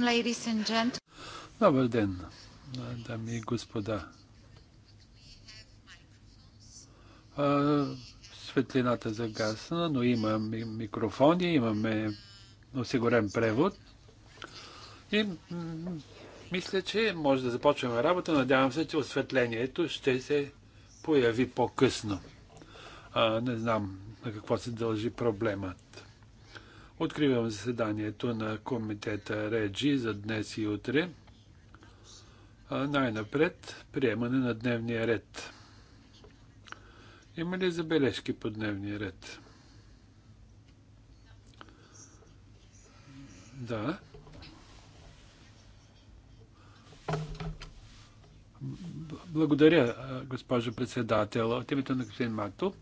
Ladies and gentlemen. Добър ден, дами и господа. светлината загасна, но има микрофони, имаме осигурен превод. И мисля, че може да започваме работа. Надявам се, че осветлението ще се появи по-късно. не знам на какво се дължи проблемът. Откривам заседанието на комитета Реджи за днес и утре. Най-напред приемане на дневния ред. Има ли забележки по дневния ред? Да. Благодаря, госпожо председател. От името на господин Мато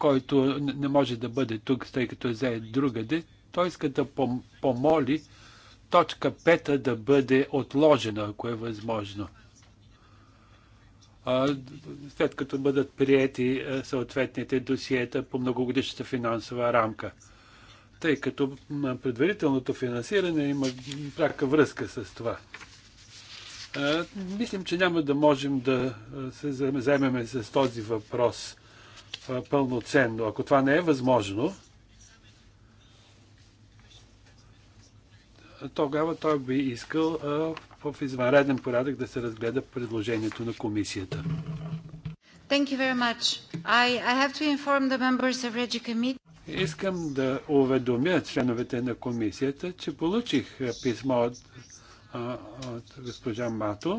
който не може да бъде тук, тъй като е заед другаде, той иска да помоли точка 5 да бъде отложена, ако е възможно. След като бъдат приети съответните досиета по многогодишната финансова рамка. Тъй като предварителното финансиране има пряка връзка с това. Мислим, че няма да можем да се займеме с този въпрос пълноценно. Ако това не е възможно, тогава той би искал в извънреден порядък да се разгледа предложението на комисията. Thank you very much. I, I have to inform the members of Regi Committee. Искам да уведомя членовете на комисията, че получих писмо от, от госпожа Мато,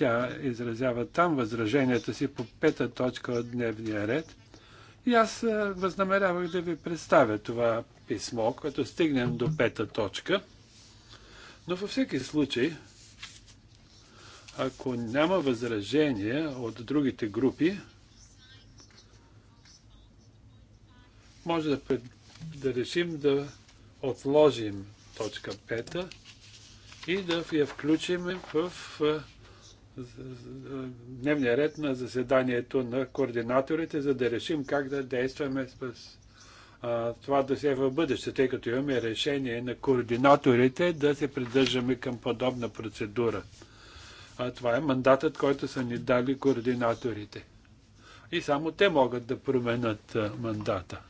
тя изразява там възраженията си по пета точка от дневния ред. И аз е, възнамерявах да ви представя това писмо, като стигнем до пета точка. Но във всеки случай, ако няма възражение от другите групи, може да, пред, да решим да отложим точка пета и да я включим в е, дневния ред на заседанието на координаторите, за да решим как да действаме с а, това да се е в бъдеще, тъй като имаме решение на координаторите да се придържаме към подобна процедура. А, това е мандатът, който са ни дали координаторите. И само те могат да променят а, мандата.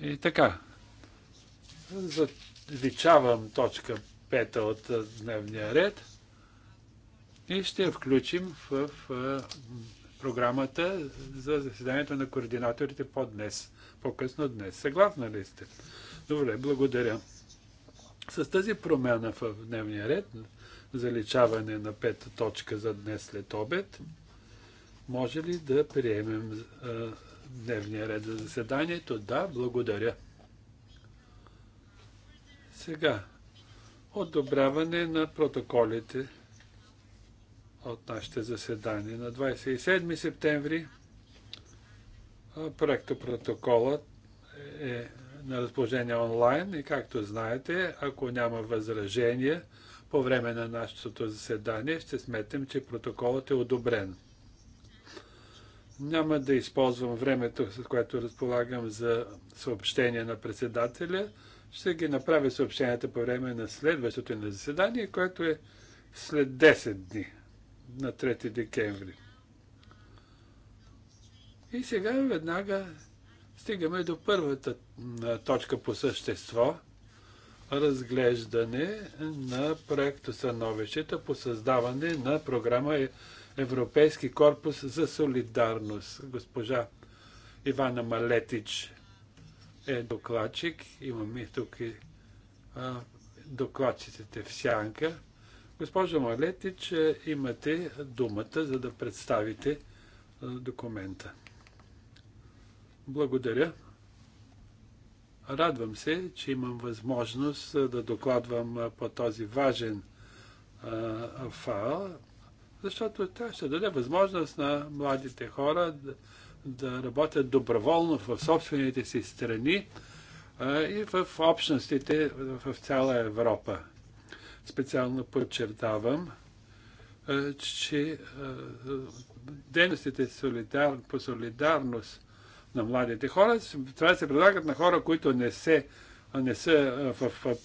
И така. Заличавам точка пета от дневния ред и ще я включим в, в програмата за заседанието на координаторите по днес, по-късно днес. Съгласна ли сте? Добре, благодаря. С тази промяна в дневния ред, заличаване на пета точка за днес след обед, може ли да приемем а, дневния ред за заседанието? Да, благодаря. Сега, одобряване на протоколите от нашите заседания. На 27 септември проектопротоколът е на разположение онлайн и както знаете, ако няма възражение по време на нашето заседание, ще сметнем, че протоколът е одобрен. Няма да използвам времето, с което разполагам за съобщение на председателя. Ще ги направя съобщенията по време на следващото на заседание, което е след 10 дни на 3 декември. И сега веднага стигаме до първата точка по същество разглеждане на проекто Съновещета по създаване на програма е-, Европейски корпус за солидарност. Госпожа Ивана Малетич е докладчик. Имаме тук и докладчиците в сянка. Госпожо Малетич, имате думата, за да представите документа. Благодаря. Радвам се, че имам възможност да докладвам по този важен файл, защото тя ще даде възможност на младите хора да, да работят доброволно в собствените си страни и в общностите в цяла Европа. Специално подчертавам, че дейностите солидар, по солидарност на младите хора трябва да се предлагат на хора, които не, се, не са в, в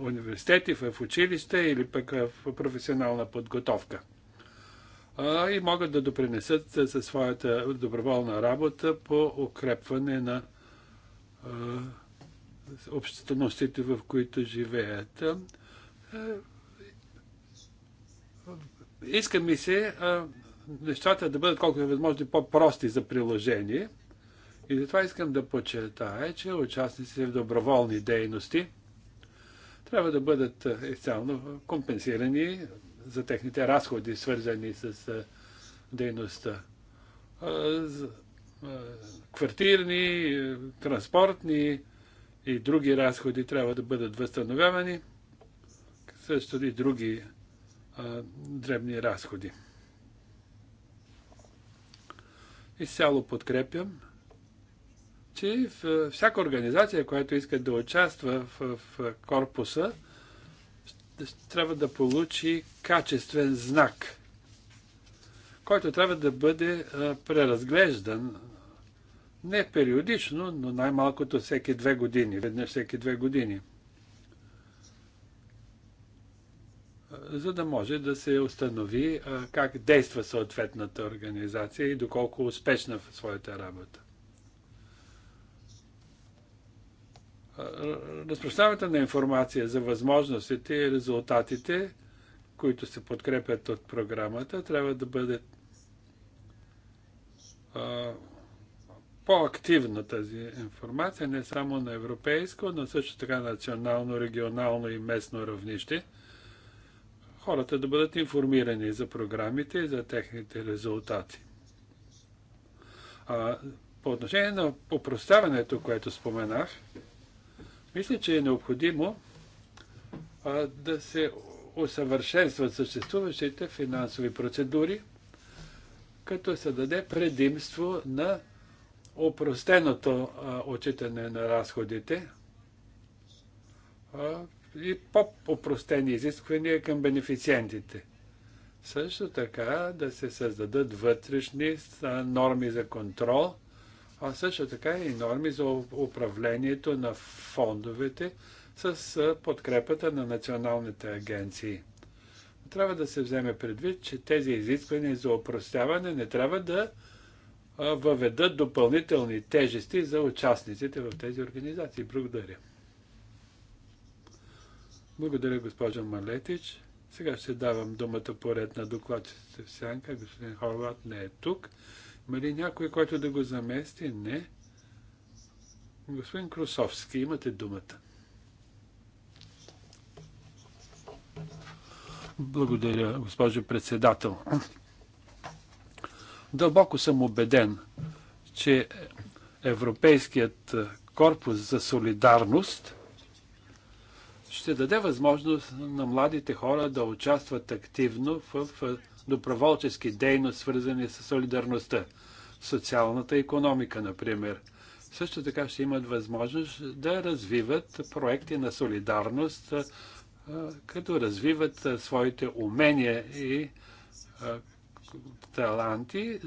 университети, в училище или пък в професионална подготовка. И могат да допринесат със своята доброволна работа по укрепване на общественостите, в които живеят. Е, иска ми се нещата да бъдат колкото е възможно по-прости за приложение. И затова искам да подчертая, че участниците в доброволни дейности трябва да бъдат изцяло компенсирани за техните разходи, свързани с дейността. Квартирни, транспортни и други разходи трябва да бъдат възстановявани – също и други а, дребни разходи. Изцяло подкрепям, че всяка организация, която иска да участва в, в корпуса, трябва да получи качествен знак, който трябва да бъде а, преразглеждан не периодично, но най-малкото всеки две години, веднъж всеки две години – за да може да се установи как действа съответната организация и доколко успешна в своята работа. Разпространяването на информация за възможностите и резултатите, които се подкрепят от програмата, трябва да бъде по-активна тази информация, не само на европейско, но също така национално, регионално и местно равнище – хората да бъдат информирани за програмите и за техните резултати. А, по отношение на опростяването, което споменах, мисля, че е необходимо а, да се усъвършенстват съществуващите финансови процедури, като се даде предимство на опростеното а, отчитане на разходите, а, и по попростени изисквания към бенефициентите. Също така да се създадат вътрешни норми за контрол, а също така и норми за управлението на фондовете с подкрепата на националните агенции. Трябва да се вземе предвид, че тези изисквания за опростяване не трябва да въведат допълнителни тежести за участниците в тези организации. Благодаря. Благодаря, госпожа Малетич. Сега ще давам думата поред на докладчицата в сянка. Господин Хорват не е тук. Има ли някой, който да го замести? Не. Господин Крусовски, имате думата. Благодаря, госпожо председател. Дълбоко съм убеден, че Европейският корпус за солидарност – ще даде възможност на младите хора да участват активно в доброволчески дейности, свързани с солидарността, социалната економика, например. Също така ще имат възможност да развиват проекти на солидарност, като развиват своите умения и таланти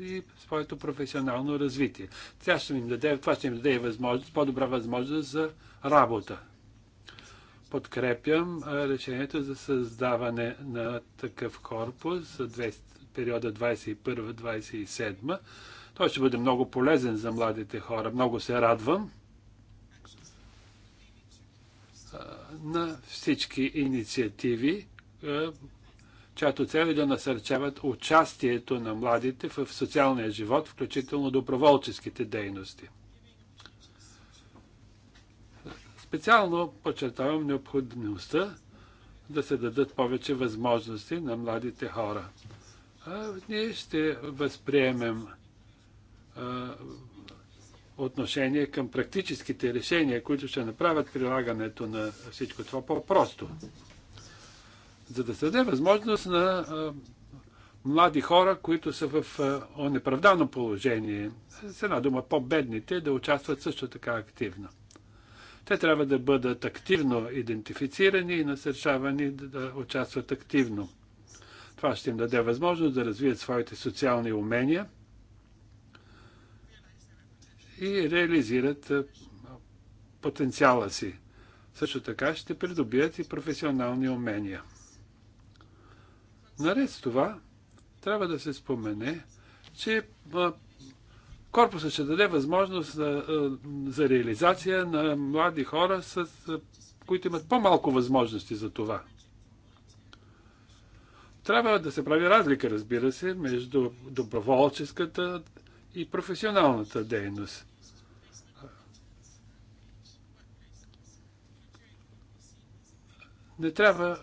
и своето професионално развитие. Тя ще им даде, това ще им даде и възможност, по-добра възможност за работа подкрепям решението за създаване на такъв корпус за периода 21-27. Той ще бъде много полезен за младите хора. Много се радвам на всички инициативи, чиято цел е да насърчават участието на младите в социалния живот, включително доброволческите дейности. Специално подчертавам необходимостта да се дадат повече възможности на младите хора. А, ние ще възприемем а, отношение към практическите решения, които ще направят прилагането на всичко това по-просто. За да се даде възможност на а, млади хора, които са в неправдано положение, с една дума по-бедните, да участват също така активно. Те трябва да бъдат активно идентифицирани и насърчавани да, да участват активно. Това ще им даде възможност да развият своите социални умения и реализират потенциала си. Също така ще придобият и професионални умения. Наред с това, трябва да се спомене, че Корпусът ще даде възможност за, е, за реализация на млади хора, с, е, които имат по-малко възможности за това. Трябва да се прави разлика, разбира се, между доброволческата и професионалната дейност. Не трябва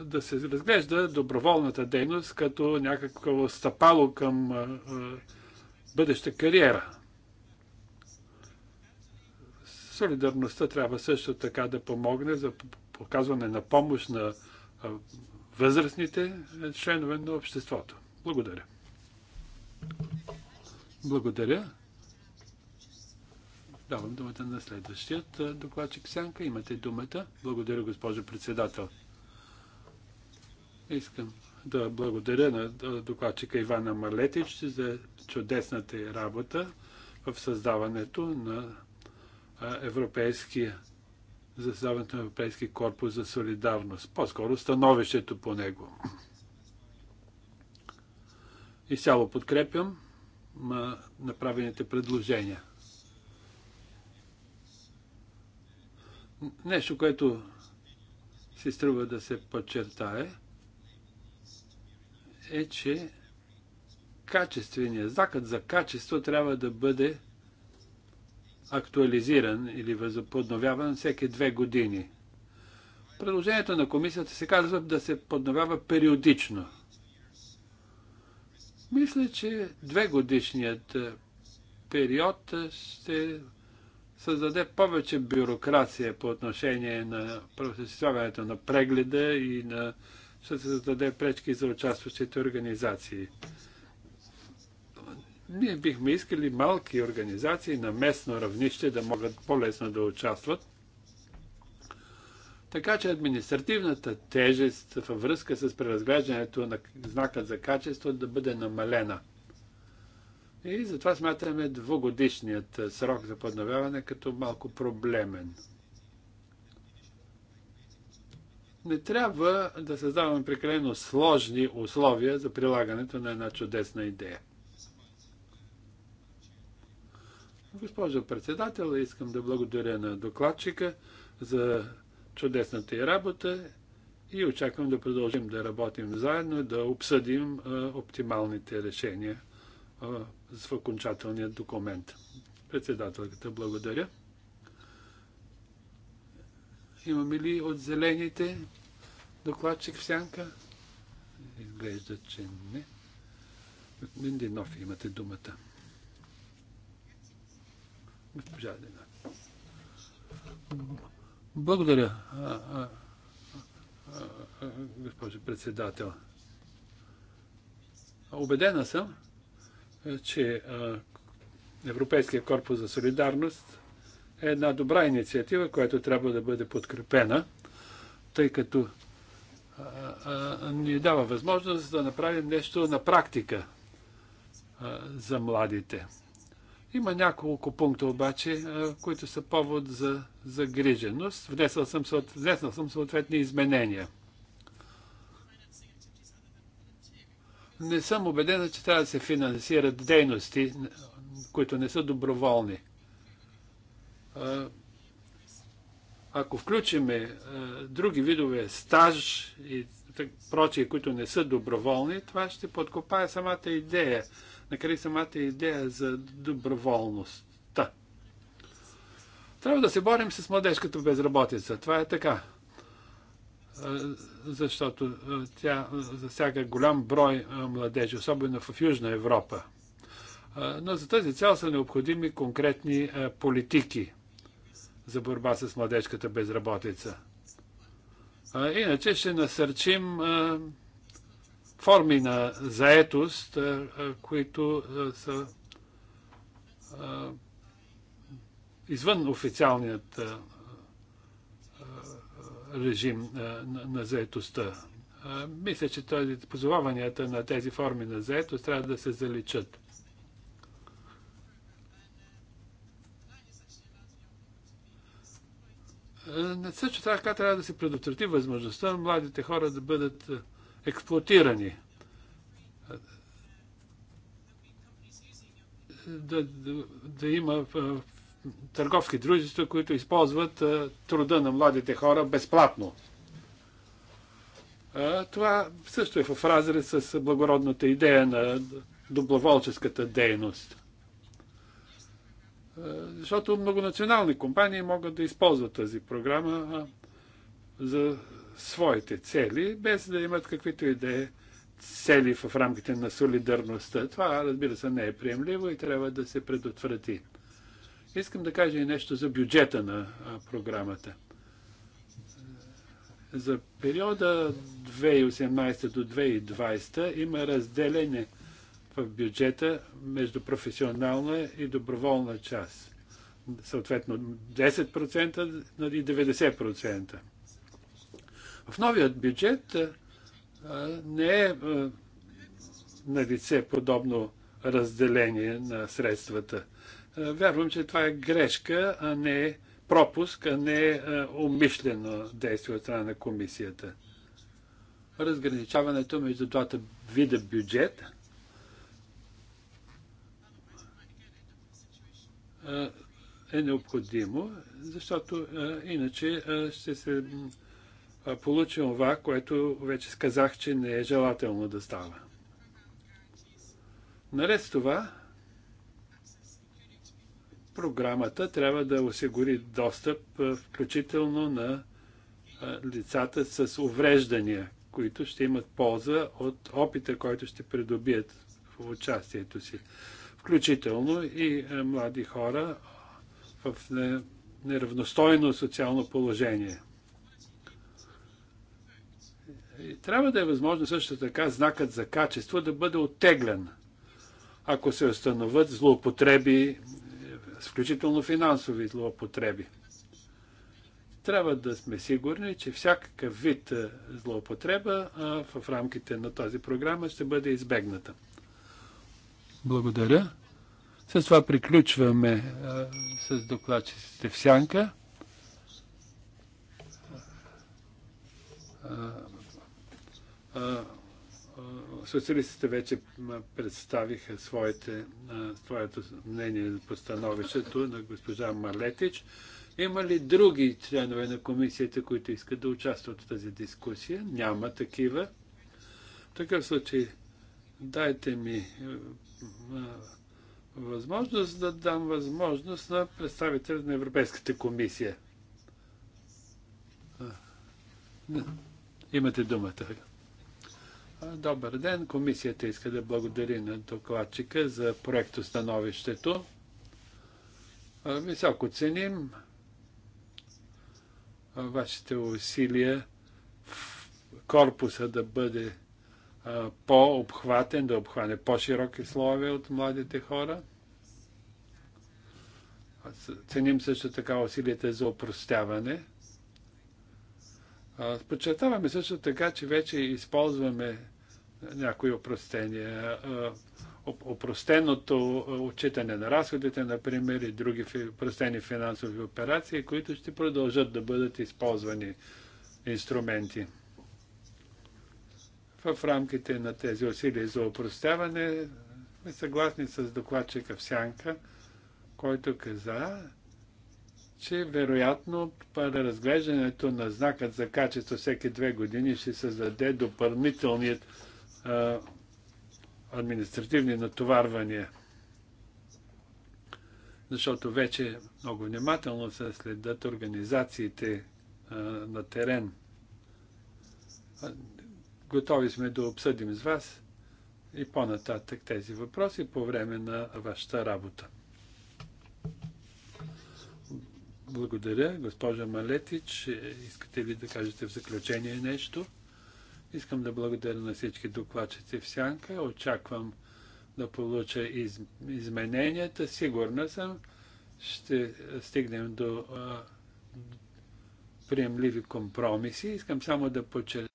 е, да се разглежда доброволната дейност като някакво стъпало към бъдеща кариера. Солидарността трябва също така да помогне за показване на помощ на възрастните членове на обществото. Благодаря. Благодаря. Давам думата на следващият докладчик Сянка. Имате думата. Благодаря, госпожо председател. Искам да благодаря на докладчика Ивана Малетич за чудесната работа в създаването на европейския за създаването на Европейски корпус за солидарност. По-скоро становището по него. И сяло подкрепям направените предложения. Нещо, което си струва да се подчертае – е, че качественият знакът за качество трябва да бъде актуализиран или подновяван всеки две години. Предложението на комисията се казва да се подновява периодично. Мисля, че две годишният е, период ще създаде повече бюрокрация по отношение на осъществяването на прегледа и на ще се зададе пречки за участващите организации. Ние бихме искали малки организации на местно равнище да могат по-лесно да участват. Така че административната тежест във връзка с преразглеждането на знака за качество да бъде намалена. И затова смятаме двогодишният срок за подновяване като малко проблемен. Не трябва да създаваме прекалено сложни условия за прилагането на една чудесна идея. Госпожо председател, искам да благодаря на докладчика за чудесната й работа и очаквам да продължим да работим заедно, да обсъдим оптималните решения в окончателния документ. Председателката, благодаря. Имаме ли от зелените докладчик в сянка? Изглежда, че не. Господин Денов, имате думата. Госпожа Денов. Благодаря, госпожо председател. Обедена съм, че Европейския корпус за солидарност е една добра инициатива, която трябва да бъде подкрепена, тъй като а, а, ни дава възможност да направим нещо на практика а, за младите. Има няколко пункта обаче, които са повод за загриженост. Внесъл съм, внесъл съм съответни изменения. Не съм убедена, че трябва да се финансират дейности, които не са доброволни ако включиме други видове стаж и прочие, които не са доброволни, това ще подкопае самата идея, накрай самата идея за доброволността. Трябва да се борим с младежката безработица. Това е така. Защото тя засяга голям брой младежи, особено в Южна Европа. Но за тази цел са необходими конкретни политики за борба с младежката безработица. А, иначе ще насърчим а, форми на заетост, а, а, които а, са а, извън официалният а, режим а, на, на заетостта. А, мисля, че този, позоваванията на тези форми на заетост трябва да се заличат. Е, не Също така трябва да се предотврати възможността на младите хора да бъдат е, експлуатирани. Е, да, да, да има търговски дружества, които използват труда на младите хора безплатно. Това също е в разрез с благородната идея на доброволческата дейност. Е, защото многонационални компании могат да използват тази програма за своите цели, без да имат каквито и да е цели в рамките на солидарността. Това, разбира се, не е приемливо и трябва да се предотврати. Искам да кажа и нещо за бюджета на програмата. За периода 2018 до 2020 има разделение – в бюджета между професионална и доброволна част. Съответно 10% и 90%. В новият бюджет не е на лице подобно разделение на средствата. Вярвам, че това е грешка, а не е пропуск, а не е, умишлено действие от страна на комисията. Разграничаването между двата вида бюджет – Е, е необходимо, защото е, иначе е, ще се получи това, което вече сказах, че не е желателно да става. Наред с това, програмата трябва да осигури достъп, включително на лицата с увреждания, които ще имат полза от опита, който ще придобият в участието си включително и е, млади хора в неравностойно социално положение. И трябва да е възможно също така знакът за качество да бъде оттеглен, ако се установят злоупотреби, е, включително финансови злоупотреби. Трябва да сме сигурни, че всякакъв вид е, злоупотреба в рамките на тази програма ще бъде избегната. Благодаря. С това приключваме а, е, с докладчиците в сянка. Е, е, социалистите вече представиха своите, своето мнение за постановището на госпожа Малетич. Има ли други членове на комисията, които искат да участват в тази дискусия? Няма такива. В такъв случай дайте ми е, възможност да дам възможност на представител на Европейската комисия. Имате думата. Добър ден. Комисията иска да благодари на докладчика за проектостановището. Високо ценим вашите усилия в корпуса да бъде по-обхватен, да обхване по-широки слове от младите хора. Ценим също така усилията за опростяване. Подчертаваме също така, че вече използваме някои опростения. Опростеното отчитане на разходите, например, и други простени финансови операции, които ще продължат да бъдат използвани инструменти. В рамките на тези усилия за опростяване сме съгласни с докладчика в Сянка, който каза, че вероятно разглеждането на знакът за качество всеки две години ще създаде допълнителният а, административни натоварвания. Защото вече много внимателно се следят организациите а, на терен. Готови сме да обсъдим с вас и по-нататък тези въпроси по време на вашата работа. Благодаря. Госпожа Малетич, искате ли да кажете в заключение нещо? Искам да благодаря на всички докладчици в Сянка. Очаквам да получа из, измененията. Сигурна съм, ще стигнем до а, приемливи компромиси. Искам само да подчертая,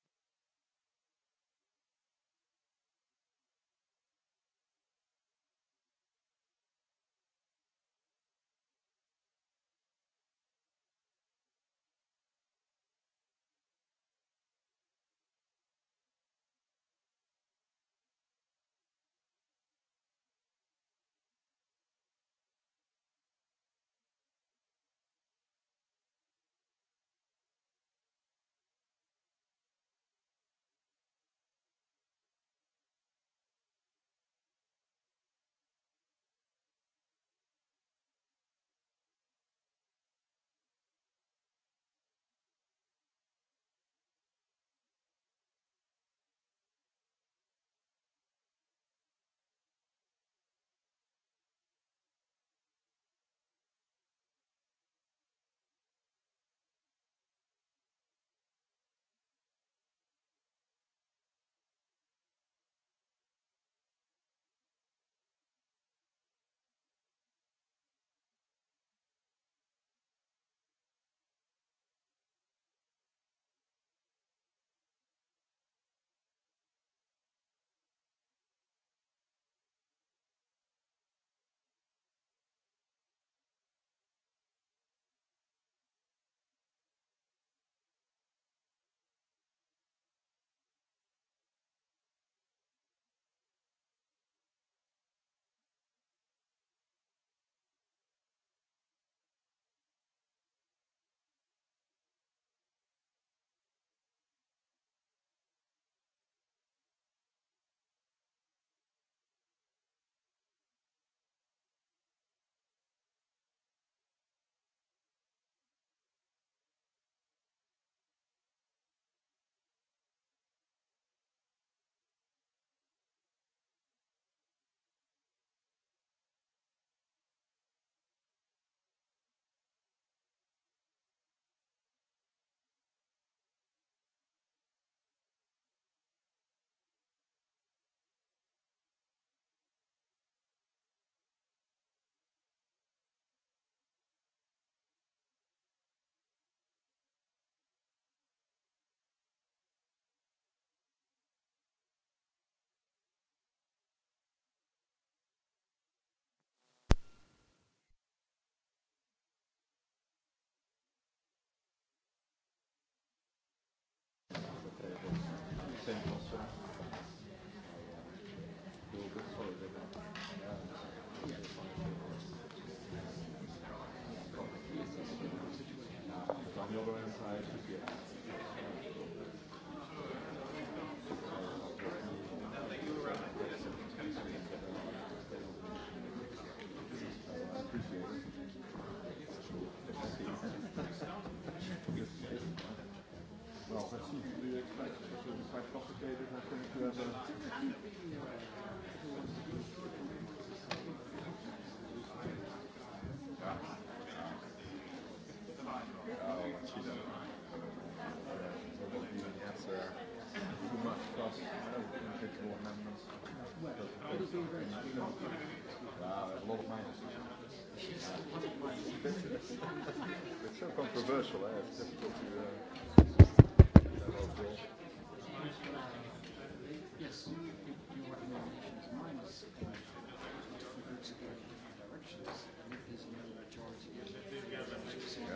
Thank you.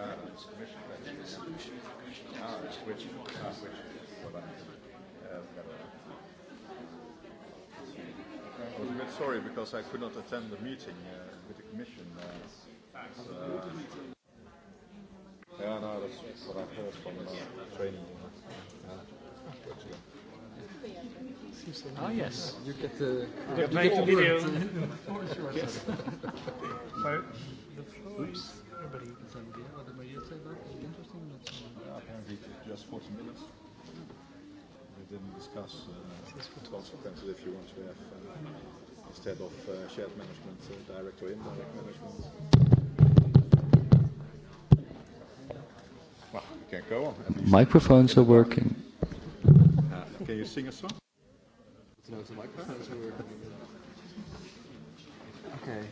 and the solution is commission. sorry because I could not attend the meeting uh, with the Commission. Uh, yes. uh, yeah, no, that's what I heard from the uh, training. Uh, Ah, yes. You get the, you get the video. yes. so, the floor Oops. everybody. Is that? Yeah, apparently, just 40 minutes We didn't discuss uh, consequences if you want to have uh, instead of uh, shared management uh, direct or indirect management. Well, we can go on. Microphones are working. Uh, Can you sing a song? No, the microphones are working. Okay.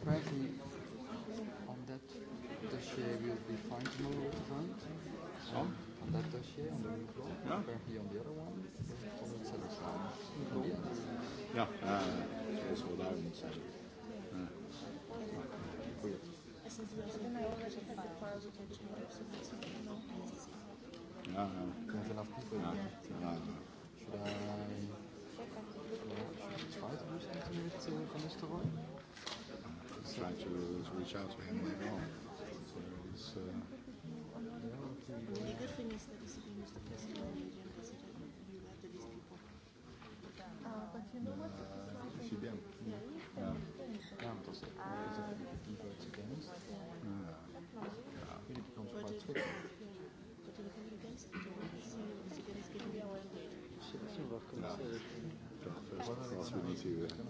Apparently, on that dossier, we'll be fine tomorrow, right? Some? that dossier on the new floor, yeah. apparently on the other one, Yeah, uh, it's all down in Seller. Weird. No, no. Should I, should I try to do something Try to reach out to him later on. So it's, uh,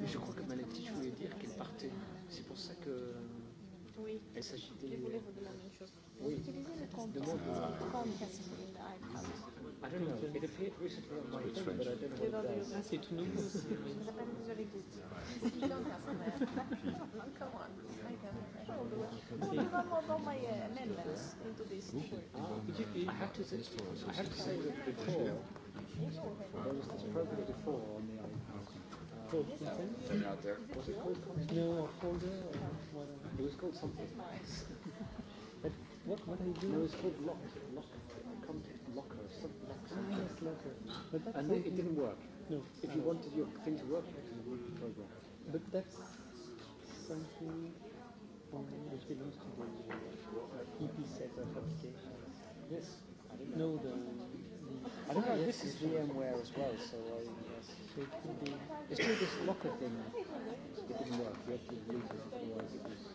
Je crois que Malekti, je voulais dire qu'elle partait. C'est pour ça que. Oui. Il s'agit Je voulais vous demander une chose. Vous utilisez le compte combien in the iCloud I don't know. It appeared recently on my phone, but I don't know what it does. Ah, c'est tout nouveau. Je n'ai pas de visualisation. You don't have to Come on. I can. I'll do it. No, because I'm on my uh, amendments into this report. Ah, could you, I have to say, I have to say that before, there was this program before on the iCloud called out there. Was it called No, Holder or whatever. It was called something. but what what are you doing? No, it's called Lock. Lock. Contact Locker. Some, lock something. Ah, yes, But that's and it didn't work. No. If you wanted your thing to work, you had to work the program. But that's something which belongs to the EP set of applications. Yes. No, the, the I don't know. This is VMware as well, so I guess it could be, it's still this locker thing. It didn't work. You have to use it otherwise it was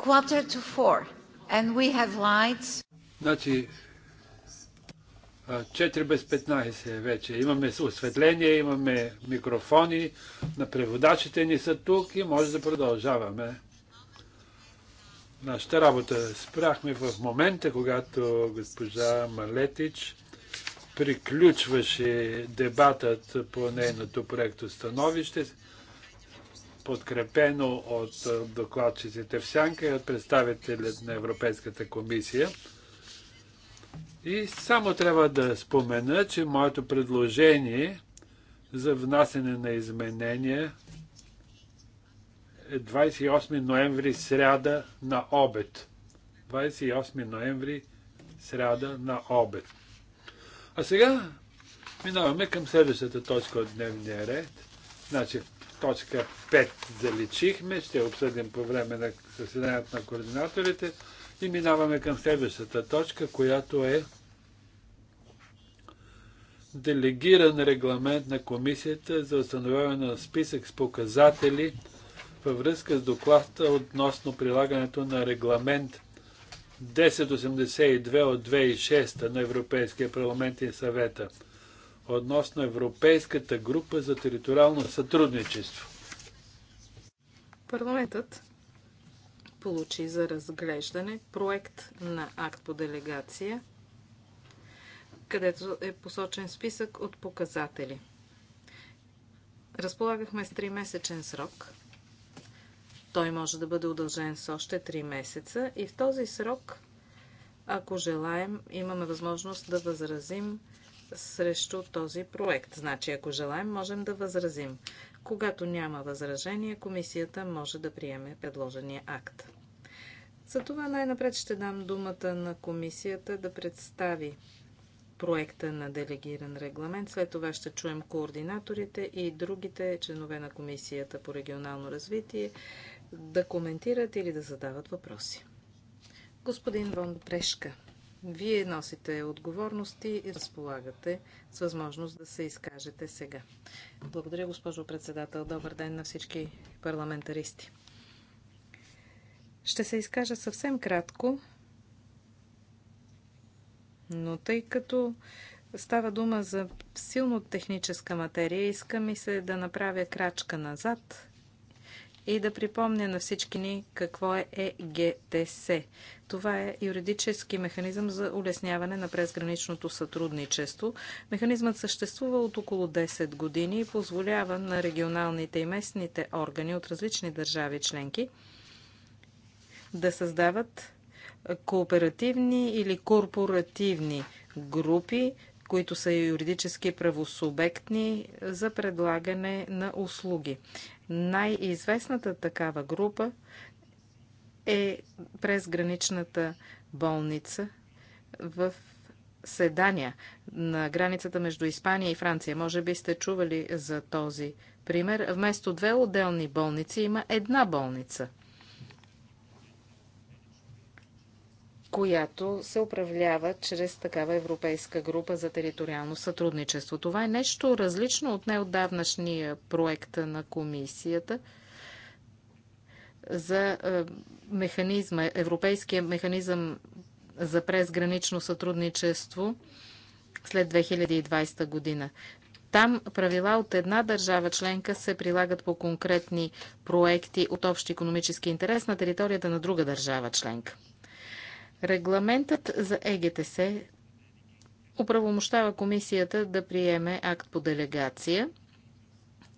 quarter to four and we have lights. Значи, 4 без 15 вече. Имаме осветление, имаме микрофони, на преводачите ни са тук и може да продължаваме. Нашата работа спряхме в момента, когато госпожа Малетич приключваше дебатът по нейното проекто становище подкрепено от докладчиците в Сянка и от представителят на Европейската комисия. И само трябва да спомена, че моето предложение за внасене на изменения е 28 ноември сряда на обед. 28 ноември сряда на обед. А сега минаваме към следващата точка от дневния ред. Значи, точка 5 заличихме, ще обсъдим по време на съседанието на координаторите и минаваме към следващата точка, която е делегиран регламент на комисията за установяване на списък с показатели във връзка с доклада относно прилагането на регламент 1082 от 2006 на Европейския парламент и съвета относно Европейската група за териториално сътрудничество. Парламентът получи за разглеждане проект на акт по делегация, където е посочен списък от показатели. Разполагахме с 3-месечен срок. Той може да бъде удължен с още 3 месеца и в този срок, ако желаем, имаме възможност да възразим срещу този проект. Значи, ако желаем, можем да възразим. Когато няма възражение, комисията може да приеме предложения акт. За това най-напред ще дам думата на комисията да представи проекта на делегиран регламент. След това ще чуем координаторите и другите членове на Комисията по регионално развитие да коментират или да задават въпроси. Господин Вон Прешка. Вие носите отговорности и разполагате с възможност да се изкажете сега. Благодаря, госпожо председател. Добър ден на всички парламентаристи. Ще се изкажа съвсем кратко, но тъй като става дума за силно техническа материя, искам и се да направя крачка назад и да припомня на всички ни какво е ЕГТС. Това е юридически механизъм за улесняване на презграничното сътрудничество. Механизмът съществува от около 10 години и позволява на регионалните и местните органи от различни държави членки да създават кооперативни или корпоративни групи, които са юридически правосубектни за предлагане на услуги. Най-известната такава група е през граничната болница в Седания, на границата между Испания и Франция. Може би сте чували за този пример. Вместо две отделни болници има една болница – която се управлява чрез такава европейска група за териториално сътрудничество. Това е нещо различно от неотдавнашния проект на комисията за е, механизма, европейския механизъм за презгранично сътрудничество след 2020 година. Там правила от една държава членка се прилагат по конкретни проекти от общ економически интерес на територията на друга държава членка. Регламентът за ЕГТС оправомощава комисията да приеме акт по делегация,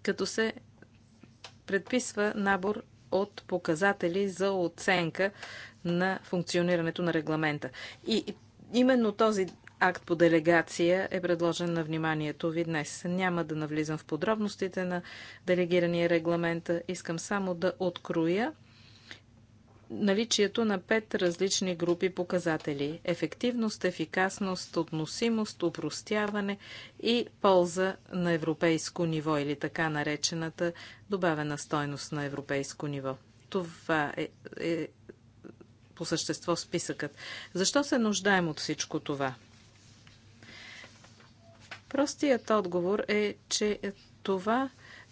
като се предписва набор от показатели за оценка на функционирането на регламента. И именно този акт по делегация е предложен на вниманието ви днес. Няма да навлизам в подробностите на делегирания регламент. Искам само да откроя наличието на пет различни групи показатели – ефективност, ефикасност, относимост, упростяване и полза на европейско ниво или така наречената добавена стойност на европейско ниво. Това е, е по същество списъкът. Защо се нуждаем от всичко това? Простият отговор е, че това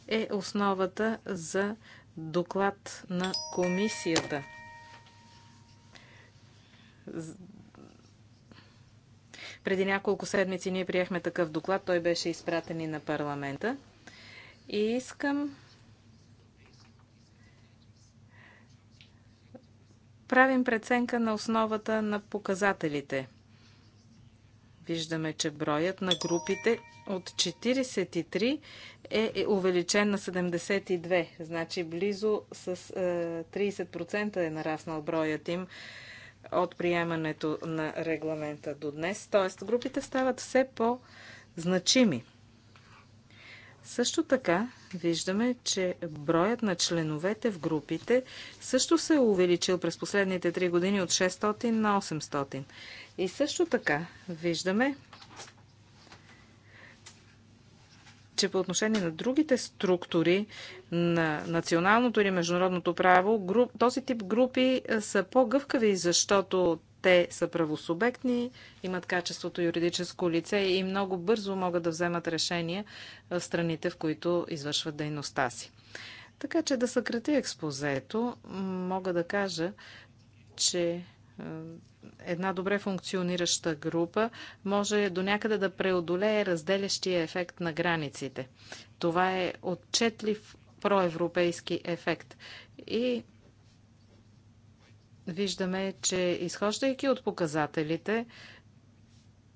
е основата за доклад на комисията – преди няколко седмици ние приехме такъв доклад. Той беше изпратен и на парламента. И искам правим преценка на основата на показателите. Виждаме, че броят на групите от 43 е, е увеличен на 72. Значи близо с 30% е, е нараснал броят им от приемането на регламента до днес. Т.е. групите стават все по-значими. Също така виждаме, че броят на членовете в групите също се е увеличил през последните 3 години от 600 на 800. И също така виждаме, че по отношение на другите структури на националното или международното право, груп, този тип групи е, са по-гъвкави, защото те са правосубектни, имат качеството юридическо лице и много бързо могат да вземат решения в страните, в които извършват дейността си. Така че да съкрати експозето, мога да кажа, че една добре функционираща група може до някъде да преодолее разделящия ефект на границите. Това е отчетлив проевропейски ефект. И виждаме, че изхождайки от показателите,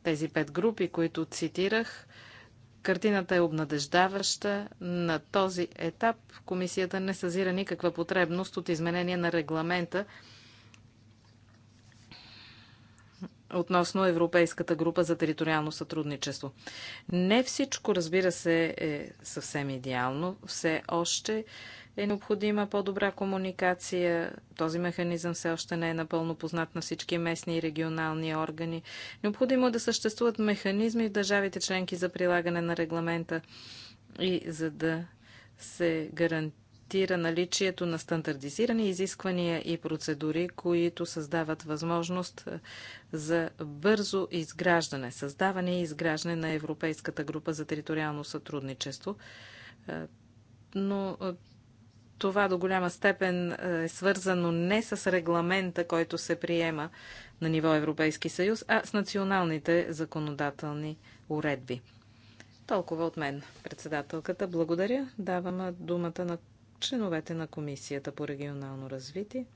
тези пет групи, които цитирах, Картината е обнадеждаваща. На този етап комисията не съзира никаква потребност от изменение на регламента относно Европейската група за териториално сътрудничество. Не всичко, разбира се, е съвсем идеално. Все още е необходима по-добра комуникация. Този механизъм все още не е напълно познат на всички местни и регионални органи. Необходимо е да съществуват механизми в държавите членки за прилагане на регламента и за да се гарантира гарантира наличието на стандартизирани изисквания и процедури, които създават възможност за бързо изграждане, създаване и изграждане на Европейската група за териториално сътрудничество. Но това до голяма степен е свързано не с регламента, който се приема на ниво Европейски съюз, а с националните законодателни уредби. Толкова от мен, председателката. Благодаря. Давам думата на членовете на Комисията по регионално развитие.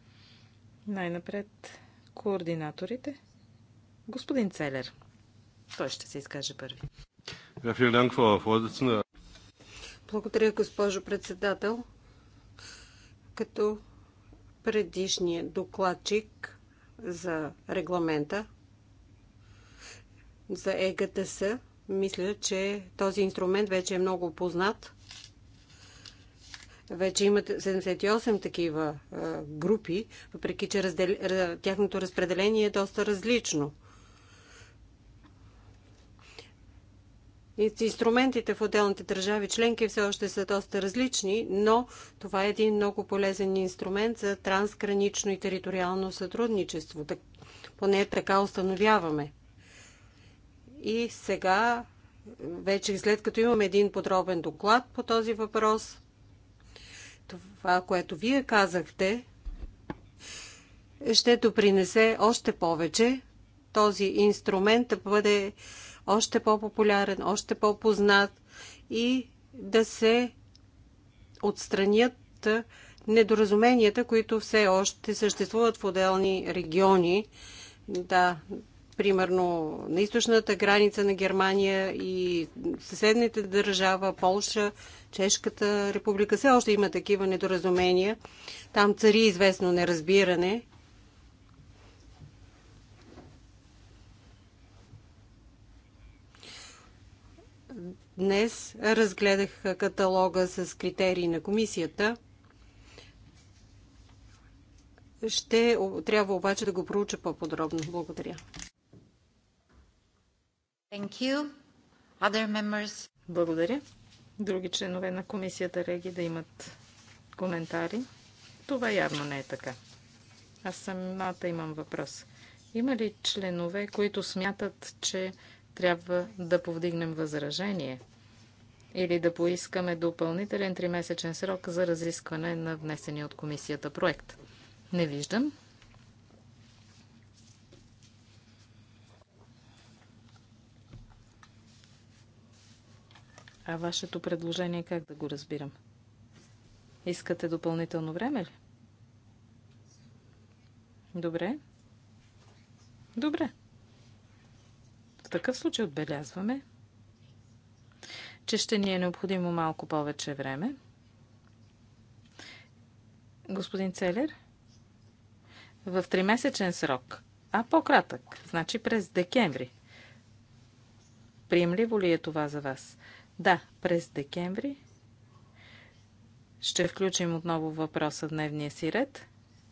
Най-напред координаторите. Господин Целер. Той ще се изкаже първи. Благодаря, госпожо председател. Като предишния докладчик за регламента за ЕГТС, мисля, че този инструмент вече е много познат – вече имат 78 такива групи, въпреки че раздел... тяхното разпределение е доста различно. Инструментите в отделните държави членки все още са доста различни, но това е един много полезен инструмент за трансгранично и териториално сътрудничество. Так, поне така установяваме. И сега, вече след като имаме един подробен доклад по този въпрос, това, което вие казахте, ще допринесе още повече този инструмент да бъде още по-популярен, още по-познат и да се отстранят недоразуменията, които все още съществуват в отделни региони. Да, примерно на източната граница на Германия и съседните държава, Полша, Чешката република все още има такива недоразумения. Там цари известно неразбиране. Днес разгледах каталога с критерии на комисията. Ще трябва обаче да го проуча по-подробно. Благодаря. Thank you. Other members? Благодаря други членове на комисията Реги да имат коментари. Това явно не е така. Аз самата имам въпрос. Има ли членове, които смятат, че трябва да повдигнем възражение или да поискаме допълнителен тримесечен срок за разискване на внесения от комисията проект? Не виждам. А вашето предложение как да го разбирам? Искате допълнително време ли? Добре. Добре. В такъв случай отбелязваме, че ще ни е необходимо малко повече време. Господин Целер, в тримесечен срок, а по-кратък, значи през декември. Приемливо ли е това за вас? Да, през декември ще включим отново въпроса в дневния си ред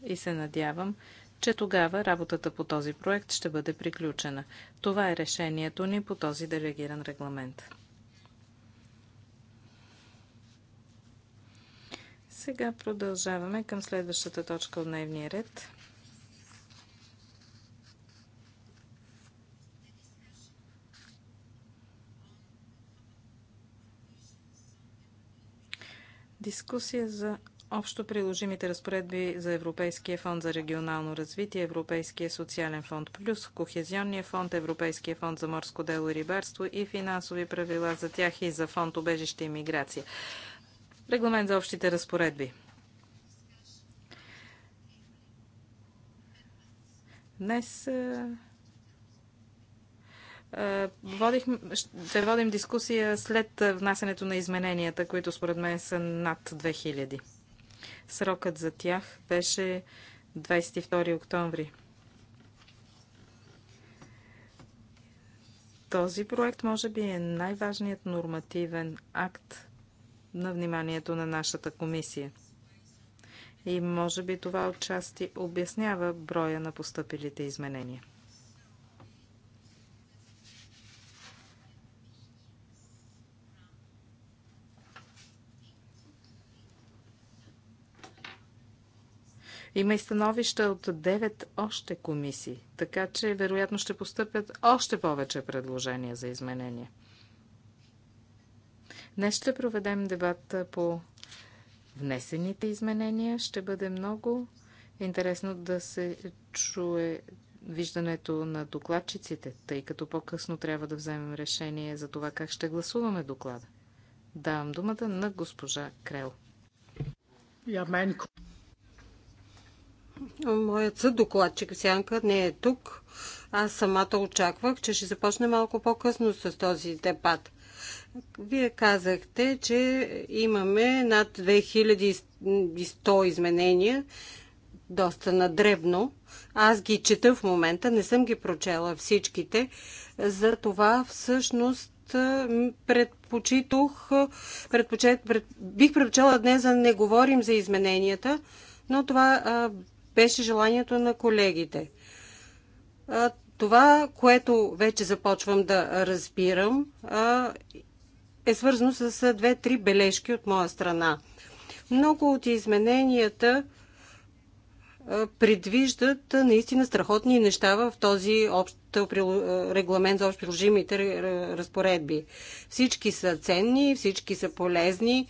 и се надявам, че тогава работата по този проект ще бъде приключена. Това е решението ни по този делегиран регламент. Сега продължаваме към следващата точка от дневния ред. Дискусия за общо приложимите разпоредби за Европейския фонд за регионално развитие, Европейския социален фонд плюс, Кохезионния фонд, Европейския фонд за морско дело и рибарство и финансови правила за тях и за фонд обежище и миграция. Регламент за общите разпоредби. Днес е, е, Водихме, ще водим дискусия след внасянето на измененията, които според мен са над 2000. Срокът за тях беше 22 октомври. Този проект може би е най-важният нормативен акт на вниманието на нашата комисия. И може би това отчасти обяснява броя на поступилите изменения. Има и становища от 9 още комисии, така че вероятно ще постъпят още повече предложения за изменения. Днес ще проведем дебат по внесените изменения. Ще бъде много интересно да се чуе виждането на докладчиците, тъй като по-късно трябва да вземем решение за това как ще гласуваме доклада. Давам думата на госпожа Крел. Моят съд докладчик Сянка не е тук. Аз самата очаквах, че ще започне малко по-късно с този дебат. Вие казахте, че имаме над 2100 изменения, доста надребно. Аз ги чета в момента, не съм ги прочела всичките. За това всъщност предпочитох, предпочет, пред, бих предпочела днес да не говорим за измененията, но това а, беше желанието на колегите. Това, което вече започвам да разбирам, е свързано с две-три бележки от моя страна. Много от измененията предвиждат наистина страхотни неща в този общ регламент за общо приложимите разпоредби. Всички са ценни, всички са полезни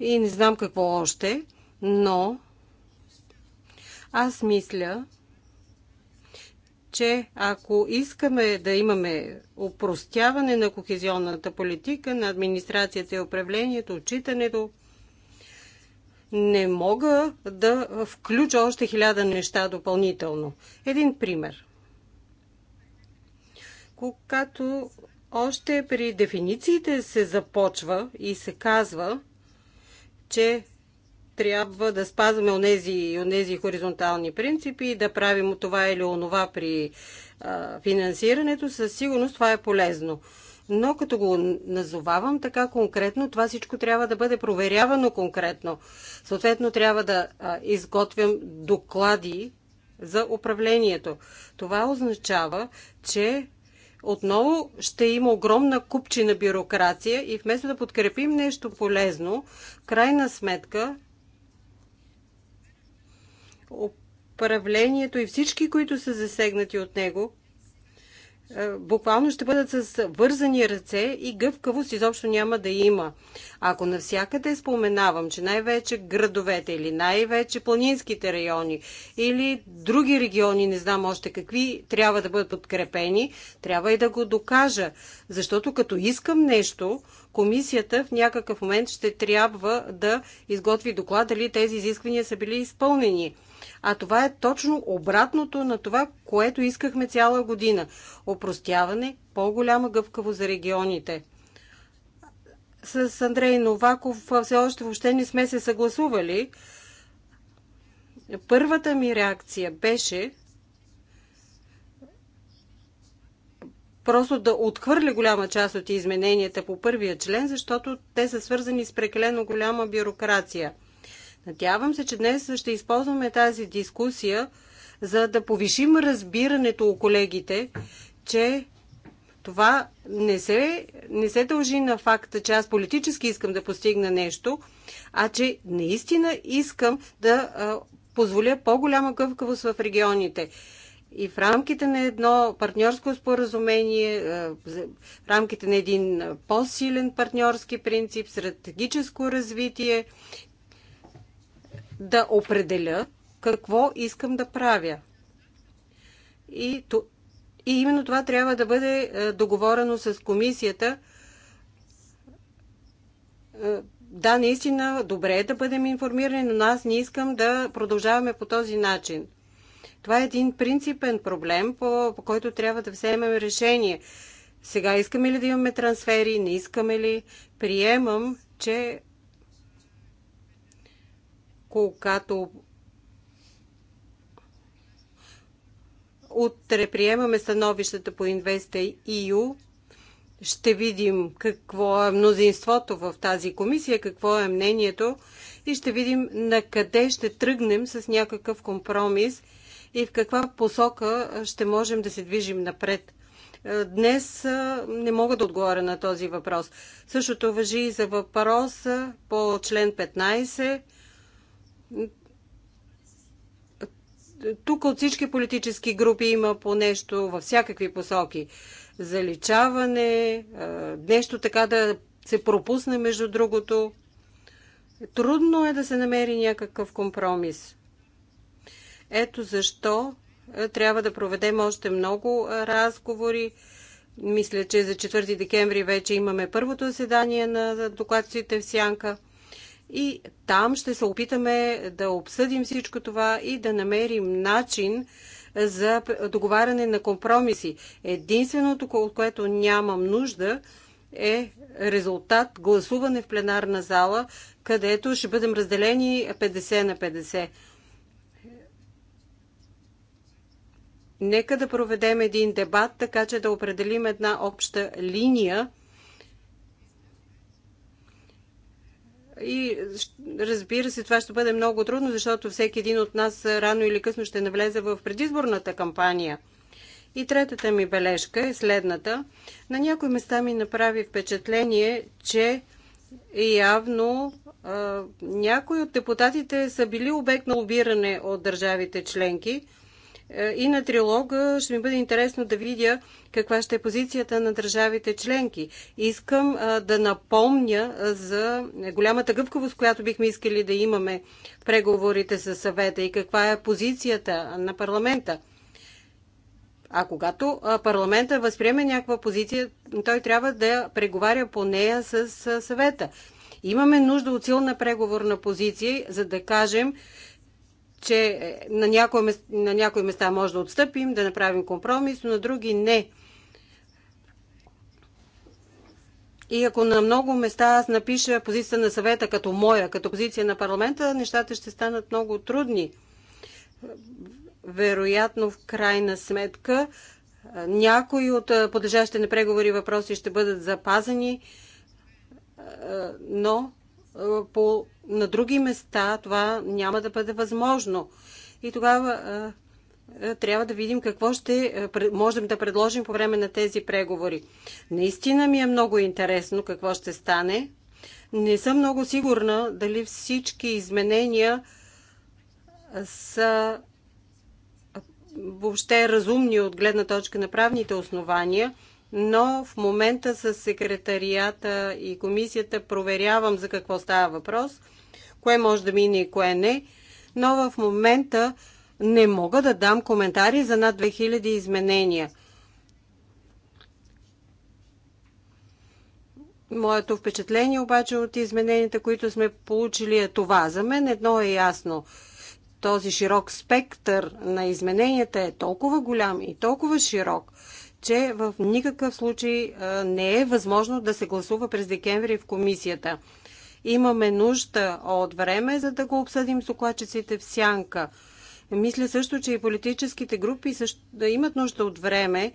и не знам какво още, но аз мисля, че ако искаме да имаме упростяване на кохезионната политика, на администрацията и управлението, отчитането, не мога да включа още хиляда неща допълнително. Един пример. Когато още при дефинициите се започва и се казва, че трябва да спазваме онези, онези хоризонтални принципи и да правим това или онова при а, финансирането, със сигурност това е полезно. Но като го назовавам така конкретно, това всичко трябва да бъде проверявано конкретно. Съответно, трябва да а, изготвям доклади за управлението. Това означава, че отново ще има огромна купчина бюрокрация и вместо да подкрепим нещо полезно, в крайна сметка управлението и всички, които са засегнати от него, е, буквално ще бъдат с вързани ръце и гъвкавост изобщо няма да има. Ако навсякъде споменавам, че най-вече градовете или най-вече планинските райони или други региони, не знам още какви, трябва да бъдат подкрепени, трябва и да го докажа. Защото като искам нещо, комисията в някакъв момент ще трябва да изготви доклад дали тези изисквания са били изпълнени а това е точно обратното на това, което искахме цяла година. Опростяване, по-голяма гъвкаво за регионите. С Андрей Новаков все още въобще не сме се съгласували. Първата ми реакция беше просто да отхвърля голяма част от измененията по първия член, защото те са свързани с прекалено голяма бюрокрация – Надявам се, че днес ще използваме тази дискусия, за да повишим разбирането у колегите, че това не се, не се дължи на факта, че аз политически искам да постигна нещо, а че наистина искам да а, позволя по-голяма гъвкавост в регионите. И в рамките на едно партньорско споразумение, в рамките на един по-силен партньорски принцип, стратегическо развитие да определя какво искам да правя. И, то, и именно това трябва да бъде е, договорено с комисията. Е, да, наистина, добре е да бъдем информирани, но аз не искам да продължаваме по този начин. Това е един принципен проблем, по, по който трябва да вземем решение. Сега искаме ли да имаме трансфери, не искаме ли? Приемам, че когато утре приемаме становищата по Инвеста InvestEU, ще видим какво е мнозинството в тази комисия, какво е мнението и ще видим на къде ще тръгнем с някакъв компромис и в каква посока ще можем да се движим напред. Е, днес е, не мога да отговоря на този въпрос. Същото въжи и за въпроса по член 15 тук от всички политически групи има по нещо във всякакви посоки. Заличаване, нещо така да се пропусне между другото. Трудно е да се намери някакъв компромис. Ето защо трябва да проведем още много разговори. Мисля, че за 4 декември вече имаме първото заседание на докладците в Сянка. И там ще се опитаме да обсъдим всичко това и да намерим начин за договаряне на компромиси. Единственото, от което нямам нужда, е резултат гласуване в пленарна зала, където ще бъдем разделени 50 на 50. Нека да проведем един дебат, така че да определим една обща линия – И разбира се, това ще бъде много трудно, защото всеки един от нас рано или късно ще навлезе в предизборната кампания. И третата ми бележка е следната. На някои места ми направи впечатление, че явно а, някои от депутатите са били обект на лобиране от държавите членки – е, и на трилога ще ми бъде интересно да видя каква ще е позицията на държавите членки. Искам е, да напомня е, за голямата гъвкавост, която бихме искали да имаме в преговорите с съвета и каква е позицията на парламента. А когато парламента възприеме някаква позиция, той трябва да преговаря по нея с съвета. Имаме нужда от силна преговорна позиция, за да кажем, че е, на някои, на някои места може да отстъпим, да направим компромис, но на други не. И ако на много места аз напиша позиция на съвета като моя, като позиция на парламента, нещата ще станат много трудни. Вероятно, в крайна сметка, е, някои от е, подлежащите на преговори въпроси ще бъдат запазени, но е, по, на други места това няма да бъде възможно. И тогава е, е, трябва да видим какво ще можем да предложим по време на тези преговори. Наистина ми е много интересно какво ще стане. Не съм много сигурна дали всички изменения са въобще разумни от гледна точка на правните основания – но в момента с секретарията и комисията проверявам за какво става въпрос, кое може да мине и кое не, но в момента не мога да дам коментари за над 2000 изменения. Моето впечатление обаче от измененията, които сме получили е това. За мен едно е ясно. Този широк спектър на измененията е толкова голям и толкова широк, че в никакъв случай не е възможно да се гласува през декември в комисията. Имаме нужда от време, за да го обсъдим с докладчиците в сянка. Мисля също, че и политическите групи също, да имат нужда от време,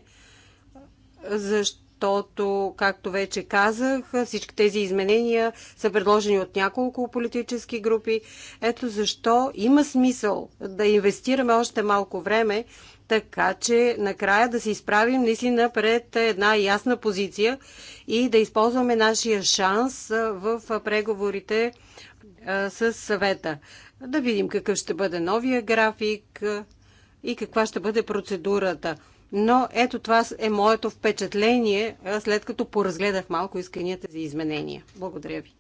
защото, както вече казах, всички тези изменения са предложени от няколко политически групи. Ето защо има смисъл да инвестираме още малко време, така че накрая да се изправим наистина пред една ясна позиция и да използваме нашия шанс в преговорите с съвета. Да видим какъв ще бъде новия график и каква ще бъде процедурата. Но ето това е моето впечатление, след като поразгледах малко исканията за изменения. Благодаря ви.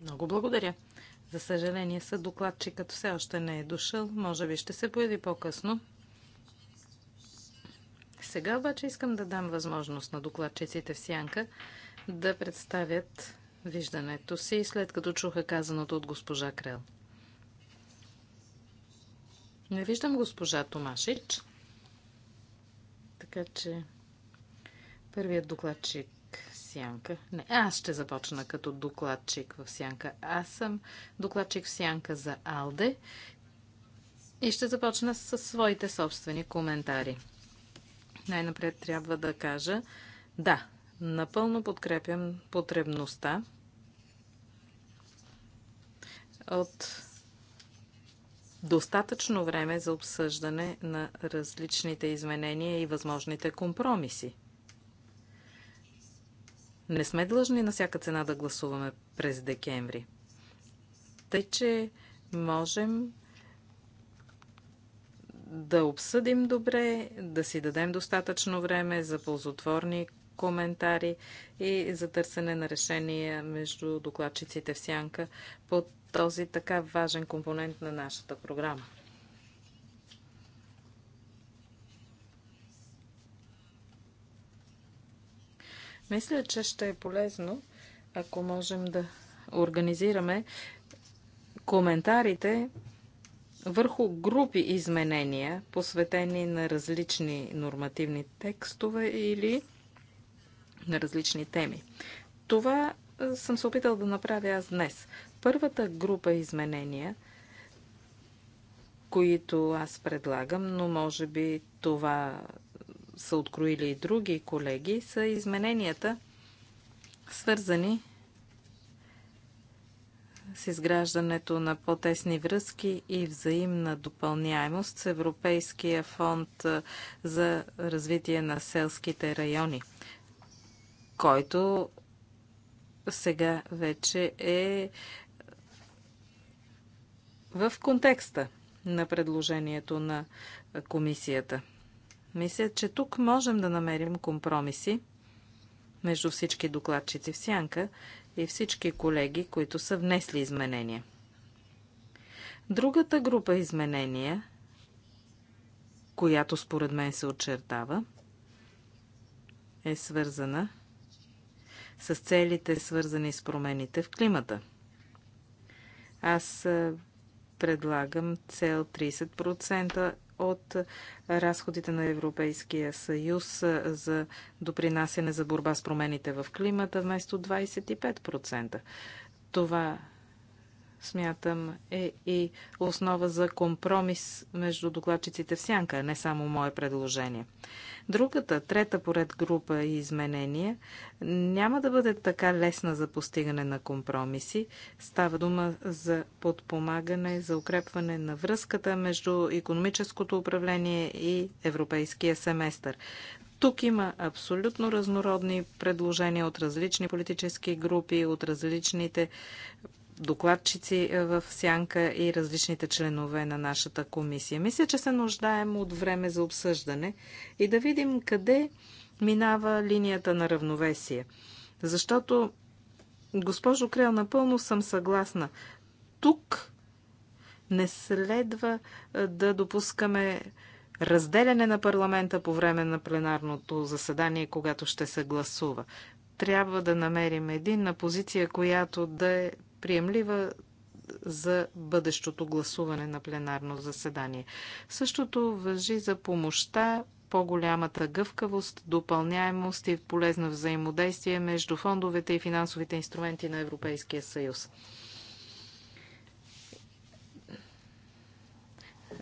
Много благодаря. За съжаление, са като все още не е дошъл. Може би ще се появи по-късно. Сега обаче искам да дам възможност на докладчиците в Сянка да представят виждането си, след като чуха казаното от госпожа Крел. Не виждам госпожа Томашич, така че първият докладчик сянка. Не, аз ще започна като докладчик в сянка. Аз съм докладчик в сянка за Алде и ще започна с своите собствени коментари. Най-напред трябва да кажа, да, напълно подкрепям потребността от достатъчно време за обсъждане на различните изменения и възможните компромиси. Не сме длъжни на всяка цена да гласуваме през декември. Тъй, че можем да обсъдим добре, да си дадем достатъчно време за ползотворни коментари и за търсене на решения между докладчиците в сянка по този така важен компонент на нашата програма. Мисля, че ще е полезно, ако можем да организираме коментарите върху групи изменения, посветени на различни нормативни текстове или на различни теми. Това съм се опитал да направя аз днес. Първата група изменения, които аз предлагам, но може би това са откроили и други колеги, са измененията, свързани с изграждането на по-тесни връзки и взаимна допълняемост с Европейския фонд за развитие на селските райони, който сега вече е в контекста на предложението на комисията. Мисля, че тук можем да намерим компромиси между всички докладчици в сянка и всички колеги, които са внесли изменения. Другата група изменения, която според мен се очертава, е свързана с целите, свързани с промените в климата. Аз предлагам цел 30% от разходите на Европейския съюз за допринасяне за борба с промените в климата вместо 25%. Това смятам, е и основа за компромис между докладчиците в сянка, не само мое предложение. Другата, трета поред група и изменения няма да бъде така лесна за постигане на компромиси. Става дума за подпомагане, за укрепване на връзката между економическото управление и европейския семестър. Тук има абсолютно разнородни предложения от различни политически групи, от различните докладчици е, в сянка и различните членове на нашата комисия. Мисля, че се нуждаем от време за обсъждане и да видим къде минава линията на равновесие. Защото, госпожо Крел, напълно съм съгласна. Тук не следва е, да допускаме разделяне на парламента по време на пленарното заседание, когато ще се гласува трябва да намерим единна позиция, която да е приемлива за бъдещото гласуване на пленарно заседание. Същото въжи за помощта, по-голямата гъвкавост, допълняемост и полезно взаимодействие между фондовете и финансовите инструменти на Европейския съюз.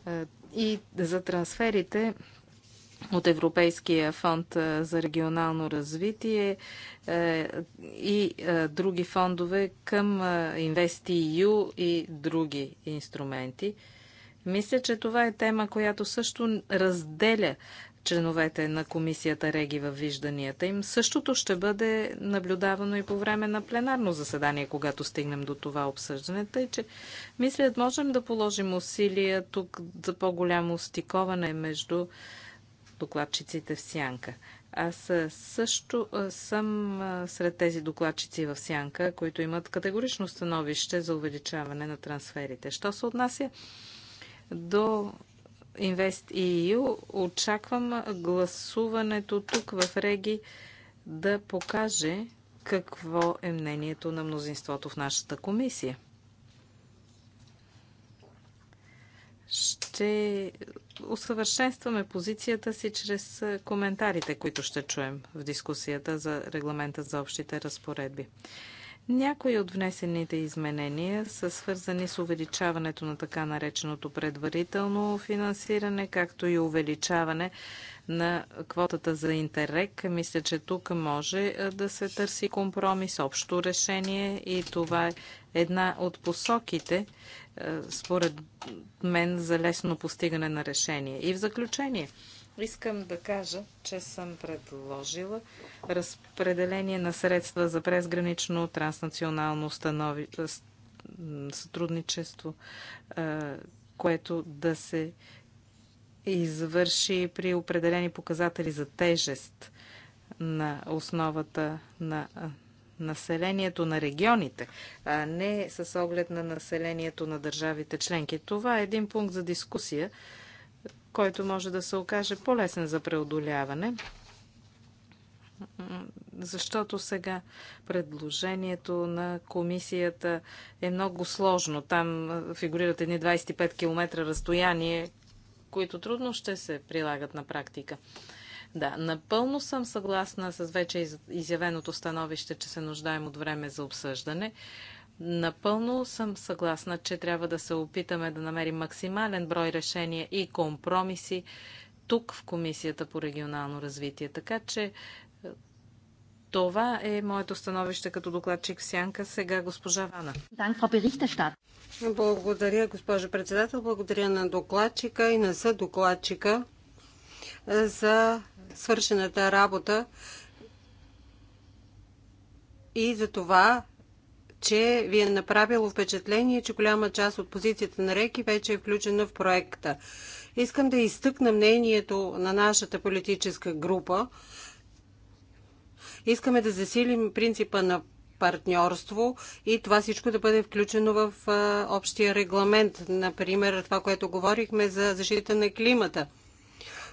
Е, и за трансферите от Европейския фонд за регионално развитие е, и други фондове към InvestEU и други инструменти. Мисля, че това е тема, която също разделя членовете на комисията Реги във вижданията им. Същото ще бъде наблюдавано и по време на пленарно заседание, когато стигнем до това обсъждане. Тъй, че мисля, можем да положим усилия тук за по-голямо стиковане между докладчиците в Сянка. Аз също съм сред тези докладчици в Сянка, които имат категорично становище за увеличаване на трансферите. Що се отнася до InvestEU, очаквам гласуването тук в Реги да покаже какво е мнението на мнозинството в нашата комисия. Ще усъвършенстваме позицията си чрез коментарите, които ще чуем в дискусията за регламента за общите разпоредби. Някои от внесените изменения са свързани с увеличаването на така нареченото предварително финансиране, както и увеличаване на квотата за интерек. Мисля, че тук може да се търси компромис, общо решение и това е една от посоките, според мен, за лесно постигане на решение. И в заключение, искам да кажа, че съм предложила разпределение на средства за презгранично транснационално станови... сътрудничество, което да се извърши при определени показатели за тежест на основата на населението на регионите, а не с оглед на населението на държавите членки. Това е един пункт за дискусия, който може да се окаже по-лесен за преодоляване, защото сега предложението на комисията е много сложно. Там фигурират едни 25 км разстояние, които трудно ще се прилагат на практика. Да, напълно съм съгласна с вече изявеното становище, че се нуждаем от време за обсъждане. Напълно съм съгласна, че трябва да се опитаме да намерим максимален брой решения и компромиси тук в Комисията по регионално развитие. Така че е, това е моето становище като докладчик в Сянка. Сега госпожа Вана. Благодаря, госпожо председател. Благодаря на докладчика и на съдокладчика е, за свършената работа и за това, че ви е направило впечатление, че голяма част от позицията на Реки вече е включена в проекта. Искам да изтъкна мнението на нашата политическа група. Искаме да засилим принципа на партньорство и това всичко да бъде включено в общия регламент. Например, това, което говорихме за защита на климата.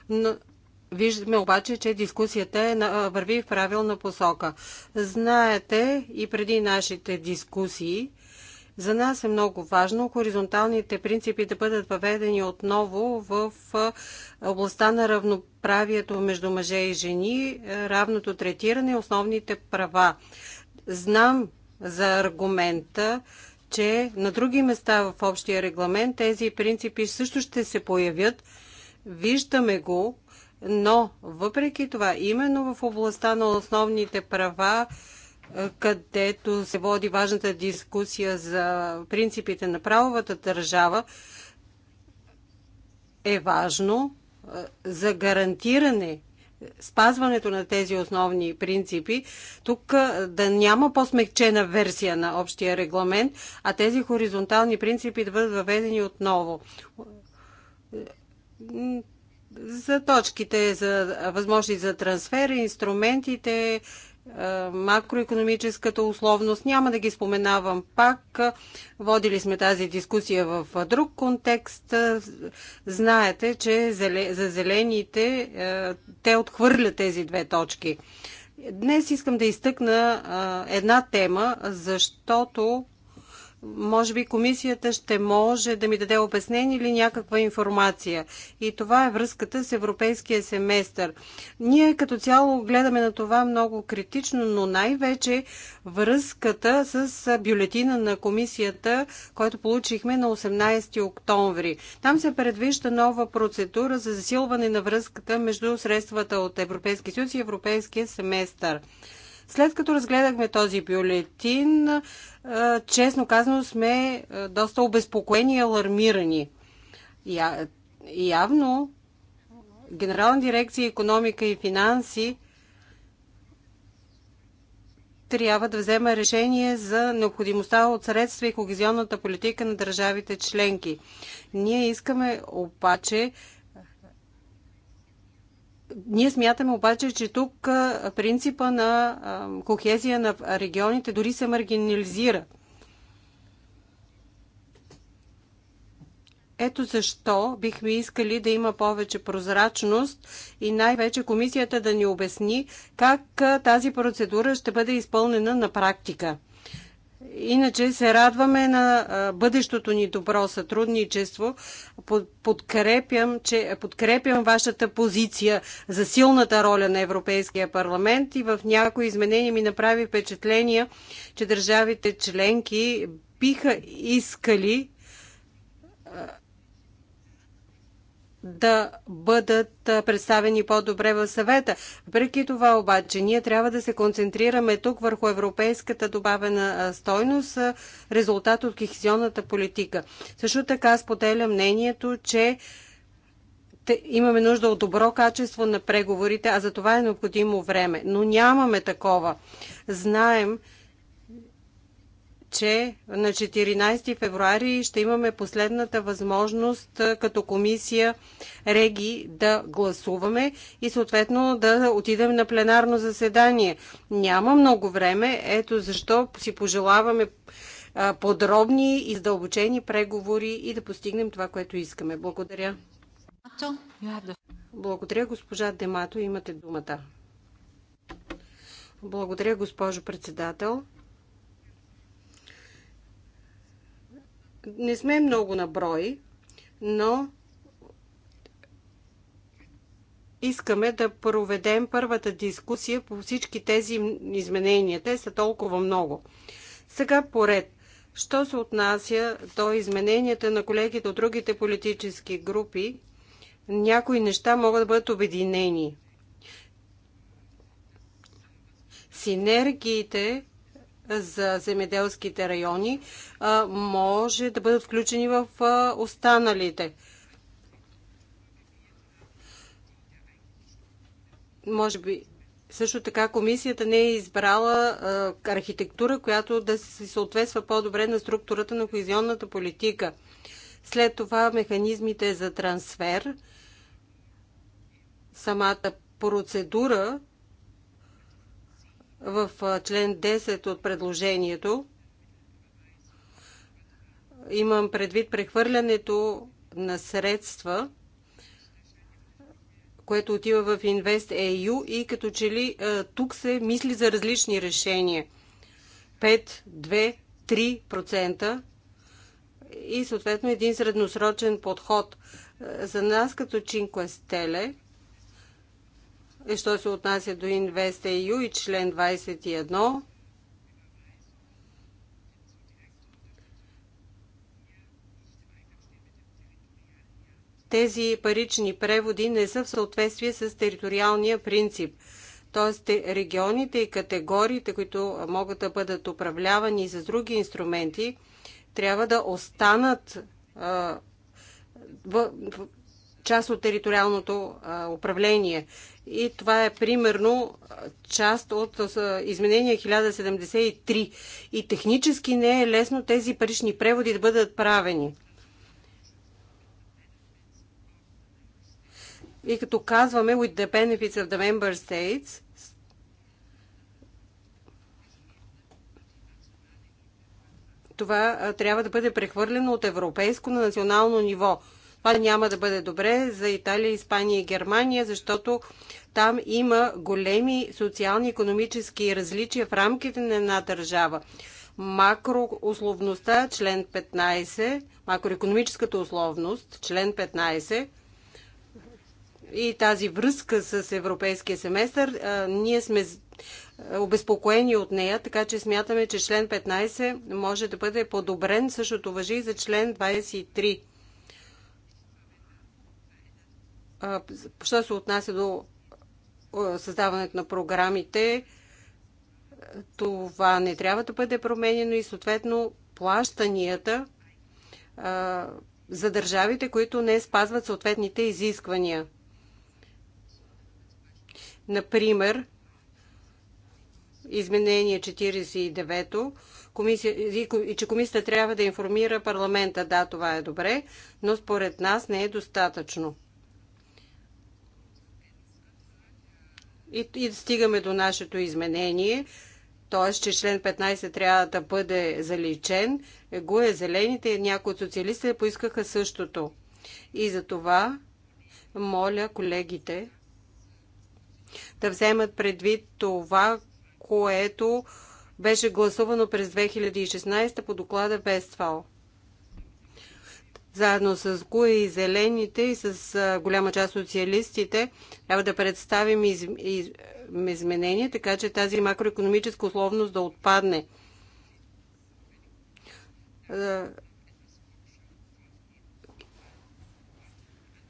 Но Виждаме обаче, че дискусията е върви в правилна посока. Знаете и преди нашите дискусии, за нас е много важно хоризонталните принципи да бъдат въведени отново в областта на равноправието между мъже и жени, равното третиране и основните права. Знам за аргумента, че на други места в общия регламент тези принципи също ще се появят. Виждаме го но въпреки това, именно в областта на основните права, е, където се води важната дискусия за принципите на правовата държава, е важно е, за гарантиране спазването на тези основни принципи, тук е, да няма по-смекчена версия на общия регламент, а тези хоризонтални принципи да бъдат въведени отново за точките, за възможности за трансфер, инструментите, макроекономическата условност. Няма да ги споменавам пак. Водили сме тази дискусия в друг контекст. Знаете, че за зелените те отхвърлят тези две точки. Днес искам да изтъкна една тема, защото може би комисията ще може да ми даде обяснение или някаква информация. И това е връзката с европейския семестър. Ние като цяло гледаме на това много критично, но най-вече връзката с бюлетина на комисията, който получихме на 18 октомври. Там се предвижда нова процедура за засилване на връзката между средствата от Европейския съюз и Европейския семестър. След като разгледахме този бюлетин, честно казано сме доста обезпокоени и алармирани. Явно Генерална дирекция економика и финанси трябва да вземе решение за необходимостта от средства и когезионната политика на държавите членки. Ние искаме обаче ние смятаме обаче, че тук принципа на кохезия на регионите дори се маргинализира. Ето защо бихме искали да има повече прозрачност и най-вече комисията да ни обясни как тази процедура ще бъде изпълнена на практика. Иначе се радваме на бъдещото ни добро сътрудничество. Подкрепям, че, подкрепям вашата позиция за силната роля на Европейския парламент и в някои изменения ми направи впечатление, че държавите членки биха искали да бъдат представени по-добре в съвета. Въпреки това обаче, ние трябва да се концентрираме тук върху европейската добавена стойност, резултат от кихизионната политика. Също така споделя мнението, че имаме нужда от добро качество на преговорите, а за това е необходимо време. Но нямаме такова. Знаем, че на 14 февруари ще имаме последната възможност като комисия Реги да гласуваме и съответно да отидем на пленарно заседание. Няма много време, ето защо си пожелаваме подробни и задълбочени преговори и да постигнем това, което искаме. Благодаря. Благодаря, госпожа Демато. Имате думата. Благодаря, госпожо председател. Не сме много на брой, но искаме да проведем първата дискусия по всички тези изменения. Те са толкова много. Сега поред. Що се отнася до измененията на колегите от другите политически групи, някои неща могат да бъдат обединени. Синергиите за земеделските райони може да бъдат включени в останалите. Може би също така комисията не е избрала архитектура, която да се съответства по-добре на структурата на коезионната политика. След това механизмите за трансфер, самата процедура в член 10 от предложението. Имам предвид прехвърлянето на средства, което отива в InvestEU и като че ли тук се мисли за различни решения. 5, 2, 3% и съответно един средносрочен подход. За нас като Чинквестеле е, що се отнася до InvestEU и член 21. Тези парични преводи не са в съответствие с териториалния принцип. Тоест, регионите и категориите, които могат да бъдат управлявани с други инструменти, трябва да останат а, в, в, част от териториалното управление. И това е примерно част от изменение 1073. И технически не е лесно тези парични преводи да бъдат правени. И като казваме with the benefits of the member states, това трябва да бъде прехвърлено от европейско на национално ниво – това няма да бъде добре за Италия, Испания и Германия, защото там има големи социални, економически различия в рамките на една държава. Макроусловността, член 15, макроекономическата условност, член 15, и тази връзка с европейския семестър, ние сме обезпокоени от нея, така че смятаме, че член 15 може да бъде подобрен. Същото въжи и за член 23. що се отнася до създаването на програмите, това не трябва да бъде променено и съответно плащанията за държавите, които не спазват съответните изисквания. Например, изменение 49-то, и че комисията трябва да информира парламента. Да, това е добре, но според нас не е достатъчно. И, и стигаме до нашето изменение, т.е. че член 15 трябва да бъде заличен. е зелените и някои от социалистите поискаха същото. И за това моля колегите да вземат предвид това, което беше гласувано през 2016 по доклада Вестфал заедно с ГУЕ и Зелените и с голяма част от социалистите, трябва да представим из, из, изменения, така че тази макроекономическа условност да отпадне.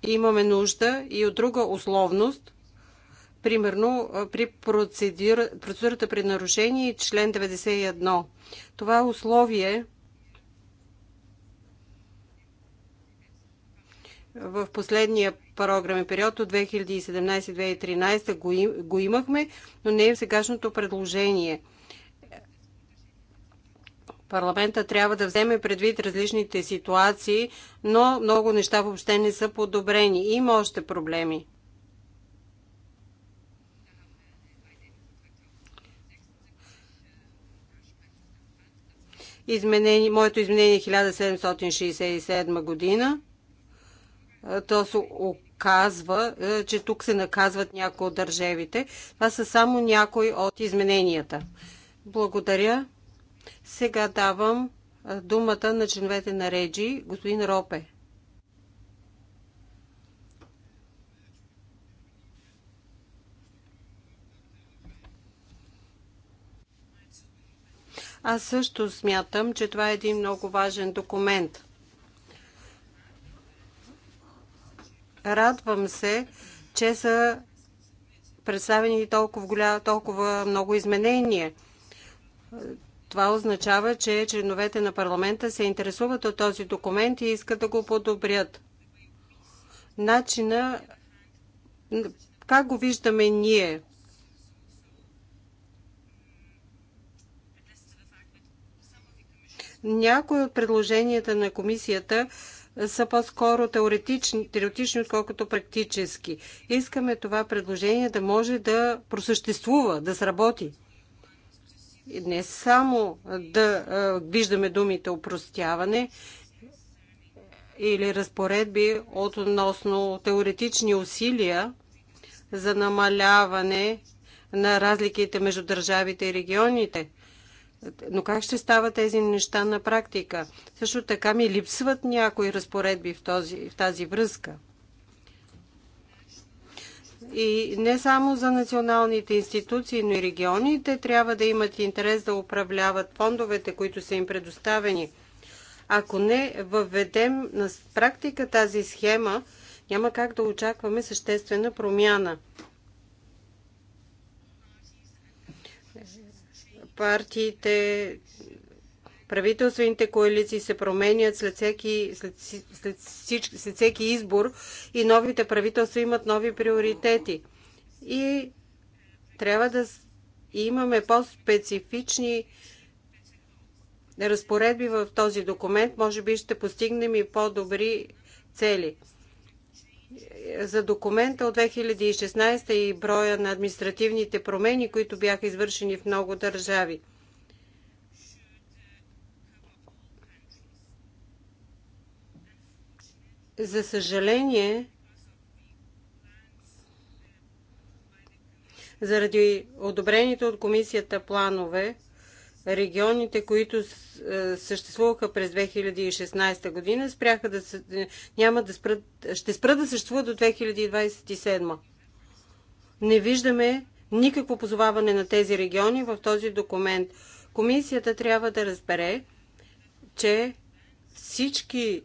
Имаме нужда и от друга условност, примерно при процедурата при нарушение член 91. Това е условие, в последния програмен период от 2017-2013 го, им, го имахме, но не е в сегашното предложение. Парламента трябва да вземе предвид различните ситуации, но много неща въобще не са подобрени. Има още проблеми. Изменение, моето изменение 1767 е година то се оказва, че тук се наказват някои от държавите. Това са само някои от измененията. Благодаря. Сега давам думата на членовете на Реджи, господин Ропе. Аз също смятам, че това е един много важен документ. Радвам се, че са представени толкова, голя, толкова много изменения. Това означава, че членовете на парламента се интересуват от този документ и искат да го подобрят. Начина, как го виждаме ние, Някои от предложенията на комисията са по-скоро теоретични, теоретични, отколкото практически. Искаме това предложение да може да просъществува, да сработи. Не само да виждаме думите опростяване или разпоредби относно теоретични усилия за намаляване на разликите между държавите и регионите – но как ще стават тези неща на практика? Също така ми липсват някои разпоредби в, този, в тази връзка. И не само за националните институции, но и регионите трябва да имат интерес да управляват фондовете, които са им предоставени. Ако не въведем на практика тази схема, няма как да очакваме съществена промяна. партиите, правителствените коалиции се променят след всеки, след, след, всички, след всеки избор и новите правителства имат нови приоритети. И трябва да имаме по-специфични разпоредби в този документ. Може би ще постигнем и по-добри цели за документа от 2016 и броя на административните промени, които бяха извършени в много държави. За съжаление, заради одобрените от комисията планове, регионите, които е, съществуваха през 2016 година, спряха да е, няма да спрат, ще спрат да съществуват до 2027. Не виждаме никакво позоваване на тези региони в този документ. Комисията трябва да разбере, че всички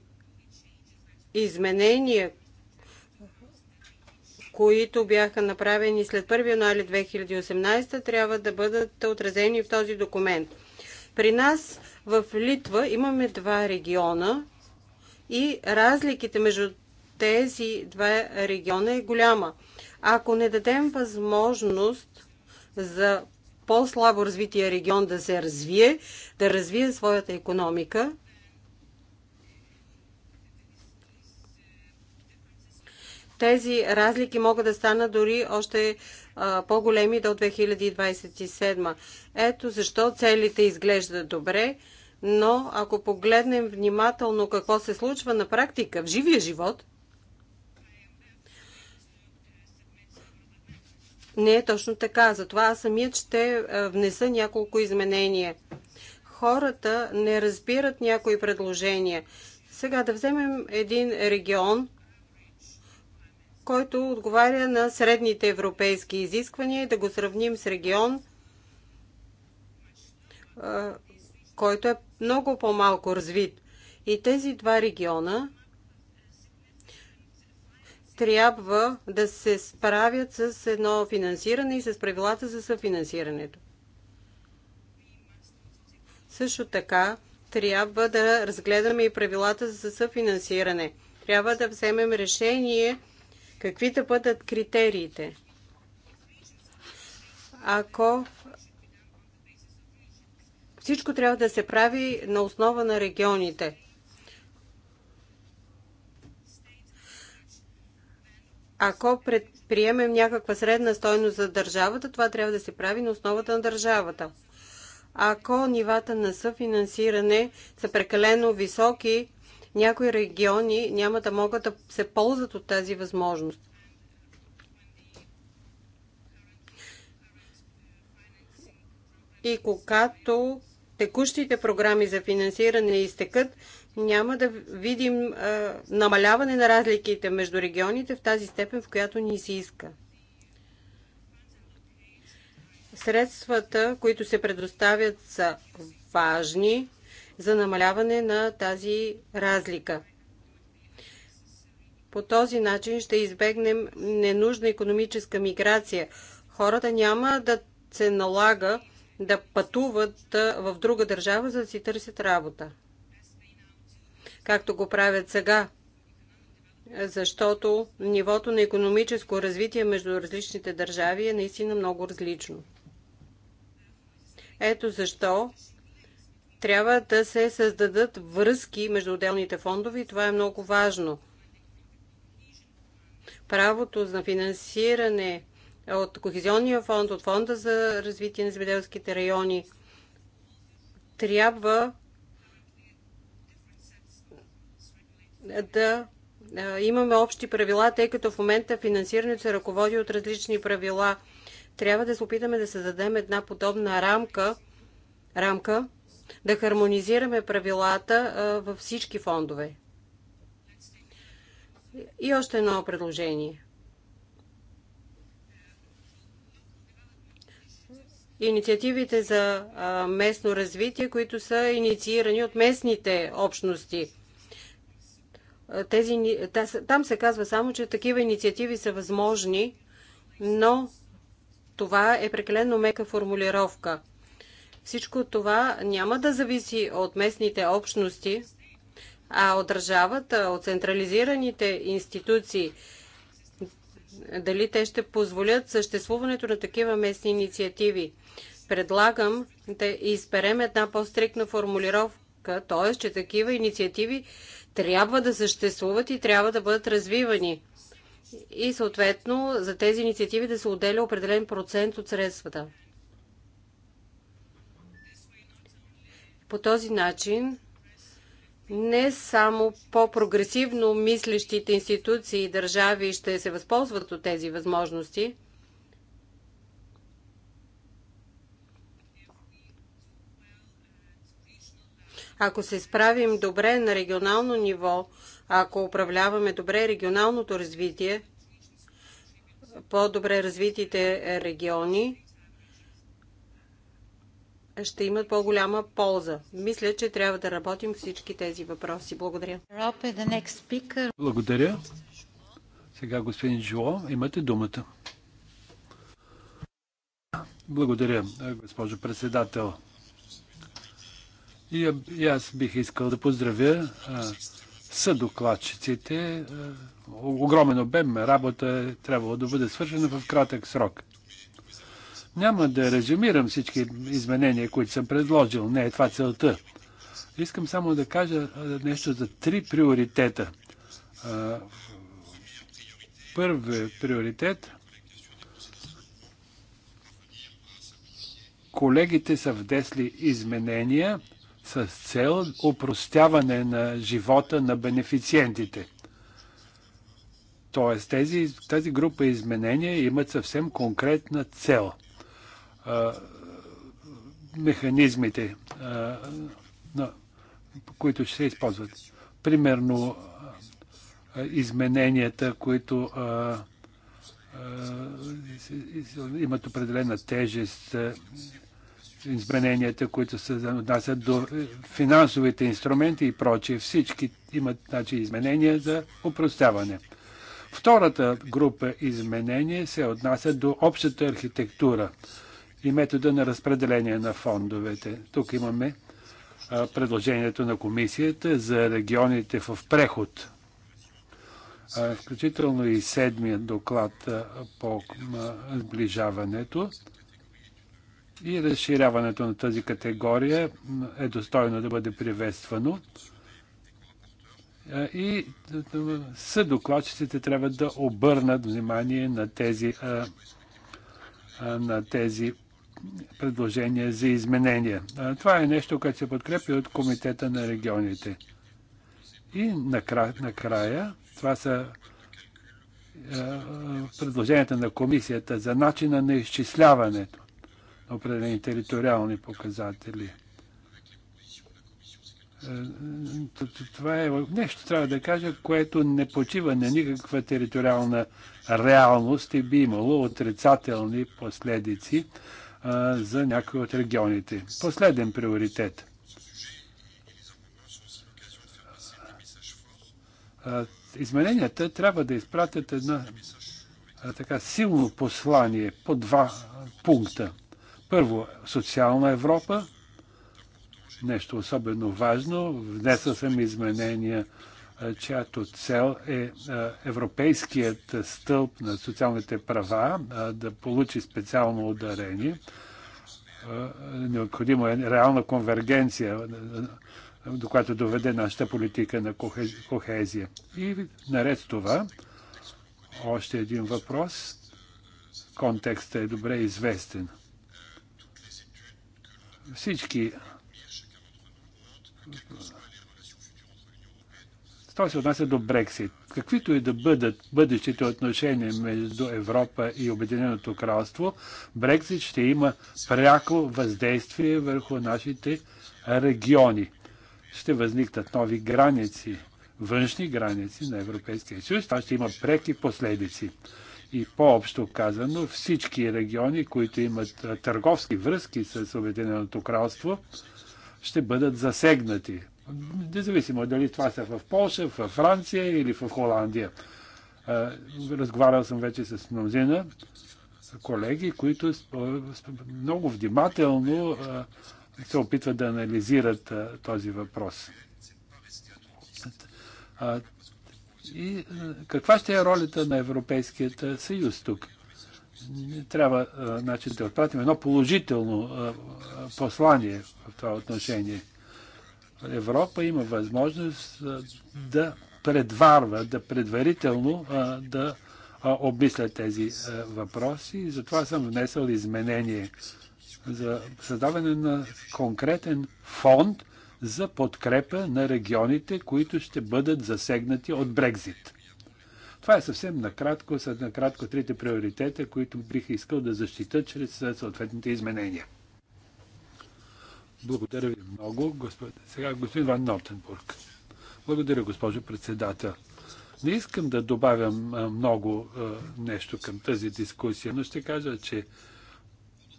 изменения, които бяха направени след 1 януари 2018, трябва да бъдат отразени в този документ. При нас в Литва имаме два региона и разликите между тези два региона е голяма. Ако не дадем възможност за по-слабо развития регион да се развие, да развие своята економика, тези разлики могат да станат дори още по-големи до 2027. Ето защо целите изглеждат добре, но ако погледнем внимателно какво се случва на практика в живия живот, не е точно така. Затова аз самият ще внеса няколко изменения. Хората не разбират някои предложения. Сега да вземем един регион, който отговаря на средните европейски изисквания и да го сравним с регион, който е много по-малко развит. И тези два региона трябва да се справят с едно финансиране и с правилата за съфинансирането. Също така трябва да разгледаме и правилата за съфинансиране. Трябва да вземем решение Какви да бъдат критериите? Ако всичко трябва да се прави на основа на регионите. Ако предприемем някаква средна стойност за държавата, това трябва да се прави на основата на държавата. Ако нивата на съфинансиране са прекалено високи, някои региони няма да могат да се ползват от тази възможност. И когато текущите програми за финансиране изтекат, няма да видим а, намаляване на разликите между регионите в тази степен, в която ни се иска. Средствата, които се предоставят, са важни, за намаляване на тази разлика. По този начин ще избегнем ненужна економическа миграция. Хората няма да се налага да пътуват в друга държава, за да си търсят работа. Както го правят сега, защото нивото на економическо развитие между различните държави е наистина много различно. Ето защо трябва да се създадат връзки между отделните фондове и това е много важно. Правото за финансиране от Кохезионния фонд, от Фонда за развитие на земеделските райони трябва да имаме общи правила, тъй като в момента финансирането се ръководи от различни правила. Трябва да се опитаме да създадем една подобна рамка, рамка да хармонизираме правилата във всички фондове. И още едно предложение. Инициативите за местно развитие, които са инициирани от местните общности. Тези, там се казва само, че такива инициативи са възможни, но това е прекалено мека формулировка – всичко това няма да зависи от местните общности, а от държавата, от централизираните институции. Дали те ще позволят съществуването на такива местни инициативи? Предлагам да изберем една по-стрикна формулировка, т.е. че такива инициативи трябва да съществуват и трябва да бъдат развивани. И съответно за тези инициативи да се отделя определен процент от средствата. По този начин не само по-прогресивно мислещите институции и държави ще се възползват от тези възможности, Ако се справим добре на регионално ниво, ако управляваме добре регионалното развитие, по-добре развитите региони, ще имат по-голяма полза. Мисля, че трябва да работим всички тези въпроси. Благодаря. Е Благодаря. Сега, господин Жуо, имате думата. Благодаря, госпожо председател. И, и аз бих искал да поздравя съдокладчиците. огромен обем работа е трябвало да бъде свършена в кратък срок. Няма да резюмирам всички изменения, които съм предложил. Не е това целта. Искам само да кажа нещо за три приоритета. Първи приоритет колегите са вдесли изменения с цел упростяване на живота на бенефициентите. Тоест тези, тази група изменения имат съвсем конкретна цел – механизмите, които ще се използват. Примерно измененията, които имат определена тежест, измененията, които се отнасят до финансовите инструменти и прочие. Всички имат значи, изменения за упростяване. Втората група изменения се отнасят до общата архитектура и метода на разпределение на фондовете. Тук имаме предложението на комисията за регионите в преход. Включително и седмият доклад по сближаването и разширяването на тази категория е достойно да бъде приветствано. И съдокладчиците трябва да обърнат внимание на тези, на тези предложения за изменения. Това е нещо, което се подкрепи от Комитета на регионите. И накрая, това са предложенията на комисията за начина на изчисляването на определени териториални показатели. Това е нещо, трябва да кажа, което не почива на никаква териториална реалност и би имало отрицателни последици за някои от регионите. Последен приоритет. измененията трябва да изпратят едно така силно послание по два пункта. Първо, социална Европа, нещо особено важно. Внесъл съм изменения чиято цел е, е европейският стълб на социалните права е, да получи специално ударение. Е, Необходимо е реална конвергенция, до която доведе нашата политика на кохезия. И наред с това, още един въпрос. Контекстът е добре известен. Всички Що се отнася до Брексит? Каквито и да бъдат бъдещите отношения между Европа и Обединеното кралство, Брексит ще има пряко въздействие върху нашите региони. Ще възникнат нови граници, външни граници на Европейския съюз. Това ще има преки последици. И по-общо казано, всички региони, които имат търговски връзки с Обединеното кралство, ще бъдат засегнати Независимо е дали това са в Польша, в Франция или в Холандия. Разговарял съм вече с мнозина колеги, които много внимателно се опитват да анализират този въпрос. И каква ще е ролята на Европейският съюз тук? Трябва значи, да отпратим едно положително послание в това отношение. Европа има възможност да предварва, да предварително да обмисля тези въпроси. И затова съм внесъл изменение за създаване на конкретен фонд за подкрепа на регионите, които ще бъдат засегнати от Брекзит. Това е съвсем накратко, са накратко трите приоритета, които бих искал да защита чрез съответните изменения. Благодаря ви много. Сега господин Ван Нортенбург. Благодаря, госпожо председател. Не искам да добавям много нещо към тази дискусия, но ще кажа, че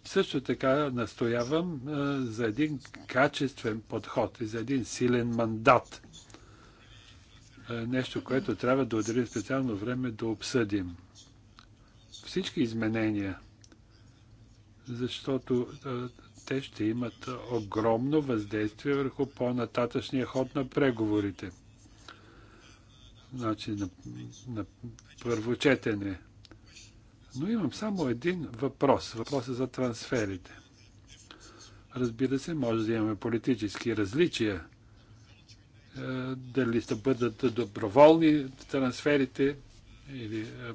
също така настоявам за един качествен подход и за един силен мандат. Нещо, което трябва да отделим специално време да обсъдим. Всички изменения, защото те ще имат огромно въздействие върху по-нататъчния ход на преговорите. Значи на, на първо четене. Но имам само един въпрос. Въпросът е за трансферите. Разбира се, може да имаме политически различия. Е, дали ще бъдат доброволни трансферите или е,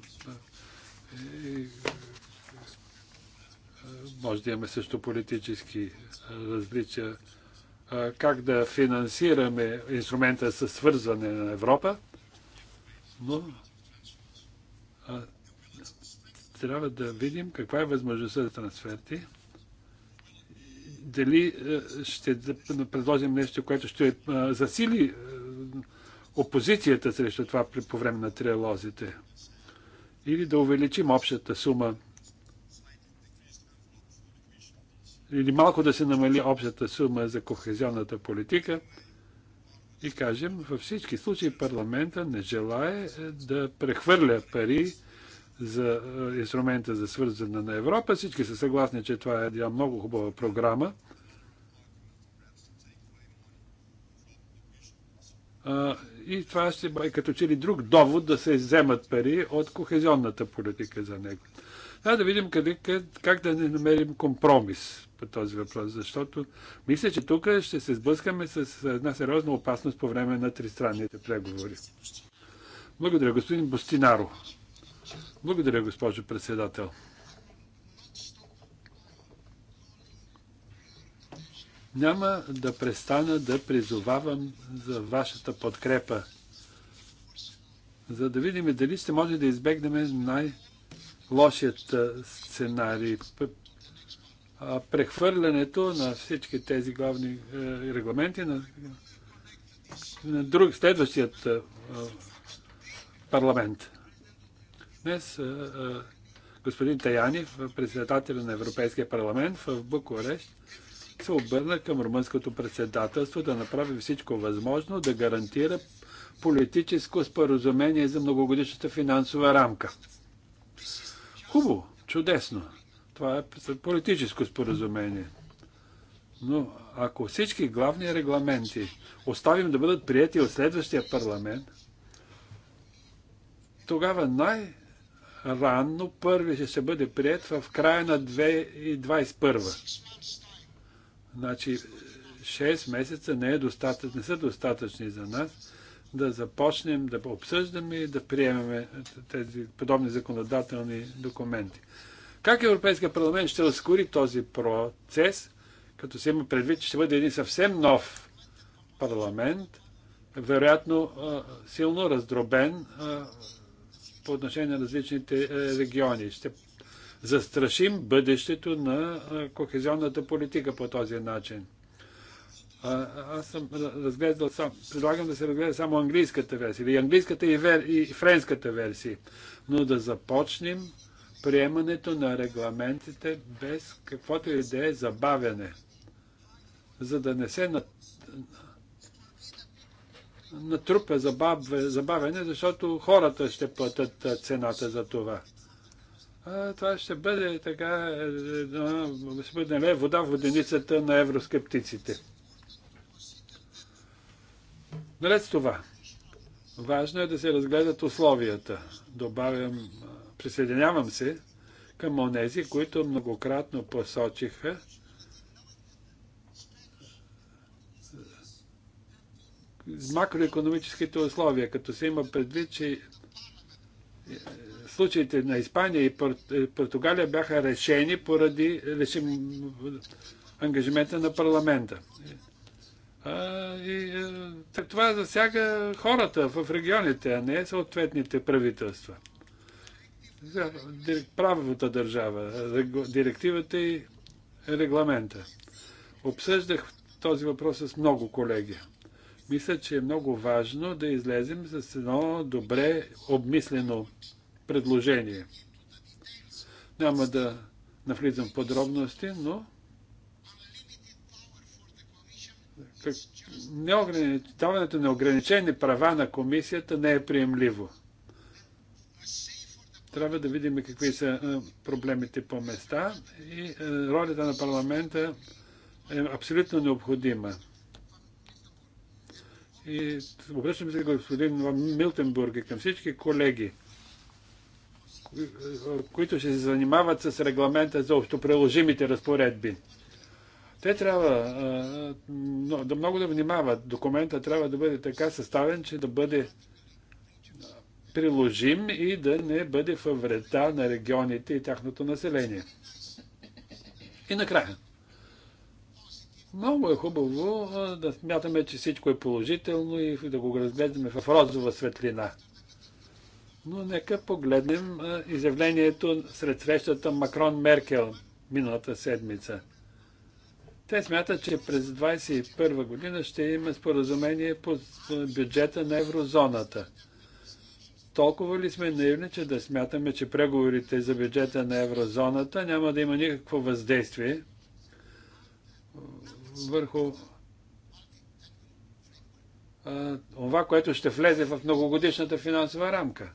може да имаме също политически различия, как да финансираме инструмента със свързване на Европа, но трябва да видим каква е възможността за трансферти. Дали ще предложим нещо, което ще засили опозицията срещу това по време на триалозите. Или да увеличим общата сума или малко да се намали общата сума за кохезионната политика и кажем, във всички случаи парламента не желае е, да прехвърля пари за е, инструмента за свързване на Европа. Всички са съгласни, че това е една много хубава програма. И това ще бъде като че ли друг довод да се вземат пари от кохезионната политика за него. Да, да видим къде, как да не намерим компромис по този въпрос, защото мисля, че тук ще се сблъскаме с една сериозна опасност по време на тристранните преговори. Благодаря, господин Бостинаро. Благодаря, госпожо председател. Няма да престана да призовавам за вашата подкрепа, за да видим дали ще може да избегнем най- лошият сценарий. Прехвърлянето на всички тези главни е, регламенти на, на друг, следващият парламент. Днес господин Таяни, председател на Европейския парламент в Букурещ, се обърна към румънското председателство да направи всичко възможно да гарантира политическо споразумение за многогодишната финансова рамка. Хубаво, чудесно. Това е политическо споразумение. Но ако всички главни регламенти оставим да бъдат прияти от следващия парламент, тогава най-рано първи ще се бъде прият в края на 2021. Значи 6 месеца не, е достатъч, не са достатъчни за нас да започнем да обсъждаме и да приемем тези подобни законодателни документи. Как Европейския парламент ще разкори този процес, като се има предвид, че ще бъде един съвсем нов парламент, вероятно силно раздробен по отношение на различните е, региони. Ще застрашим бъдещето на кохезионната политика по този начин. А, аз съм разгледал сам, предлагам да се разгледа само английската версия, или английската и, вер, и френската версия, но да започнем приемането на регламентите без каквото и да е забавяне, за да не се натрупа забавяне, защото хората ще платят цената за това. А, това ще бъде така, е, е, е, ще бъде вода в воденицата на евроскептиците. Наред с това, важно е да се разгледат условията. Добавям, присъединявам се към онези, които многократно посочиха, макроекономическите условия, като се има предвид, че е, случаите на Испания и е, Португалия бяха решени поради решим, ангажимента на парламента. И е, това засяга хората в регионите, а не съответните правителства. Правовата държава, директивата и регламента. Обсъждах този въпрос с много колеги. Мисля, че е много важно да излезем с едно добре обмислено предложение. Няма да навлизам в подробности, но даването на ограничени права на комисията не е приемливо. Трябва да видим какви са проблемите по места и ролята на парламента е абсолютно необходима. И обръщам се господин Милтенбург и към всички колеги, които ще се занимават с регламента за общоприложимите разпоредби. Те трябва да много да внимават. Документа трябва да бъде така съставен, че да бъде приложим и да не бъде във вреда на регионите и тяхното население. И накрая. Много е хубаво да смятаме, че всичко е положително и да го разгледаме в розова светлина. Но нека погледнем изявлението сред срещата Макрон-Меркел миналата седмица – те смятат, че през 2021 година ще има споразумение по бюджета на еврозоната. Толкова ли сме наивни, че да смятаме, че преговорите за бюджета на еврозоната няма да има никакво въздействие върху това, което ще влезе в многогодишната финансова рамка?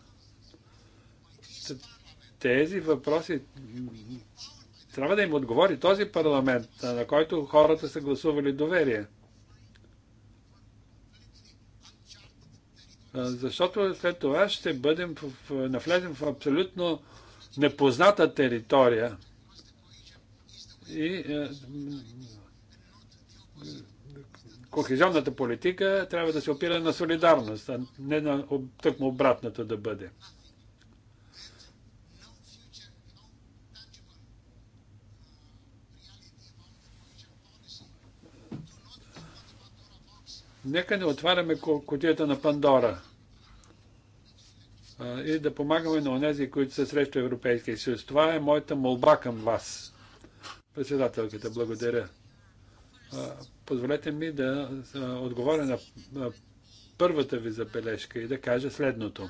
Тези въпроси трябва да им отговори този парламент, на който хората са гласували доверие. Защото след това ще бъдем в, навлезем в абсолютно непозната територия. И кохезионната политика трябва да се опира на солидарност, а не на тъкмо обратната да бъде. Нека не отваряме котията на Пандора и да помагаме на онези, които са срещу Европейския съюз. Това е моята молба към вас. Председателката, благодаря. Позволете ми да отговоря на първата ви забележка и да кажа следното.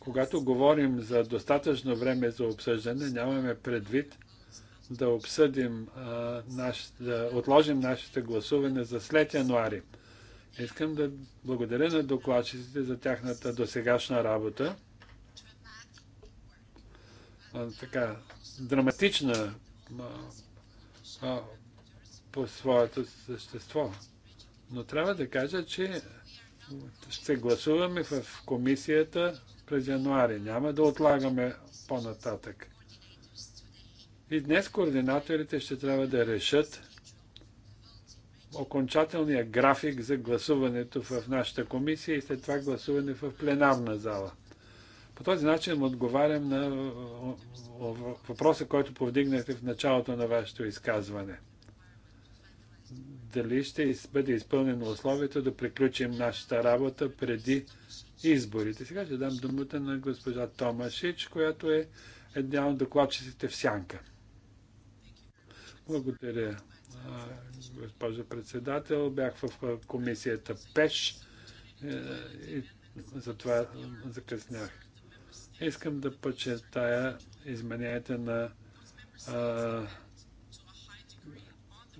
Когато говорим за достатъчно време за обсъждане, нямаме предвид да обсъдим, а, наш, да отложим нашето гласуване за след януари. Искам да благодаря на докладчиците за тяхната досегашна работа. А, така, драматична а, а, по своето същество. Но трябва да кажа, че ще гласуваме в комисията през януари. Няма да отлагаме по-нататък. И днес координаторите ще трябва да решат окончателния график за гласуването в нашата комисия и след това гласуване в пленарна зала. По този начин отговарям на въпроса, който повдигнахте в началото на вашето изказване. Дали ще бъде изпълнено условието да приключим нашата работа преди изборите. Сега ще дам думата на госпожа Томашич, която е една от докладчиците в Сянка. Благодаря, госпожо председател. Бях в комисията ПЕШ е, и затова закъснях. Искам да подчертая измененията на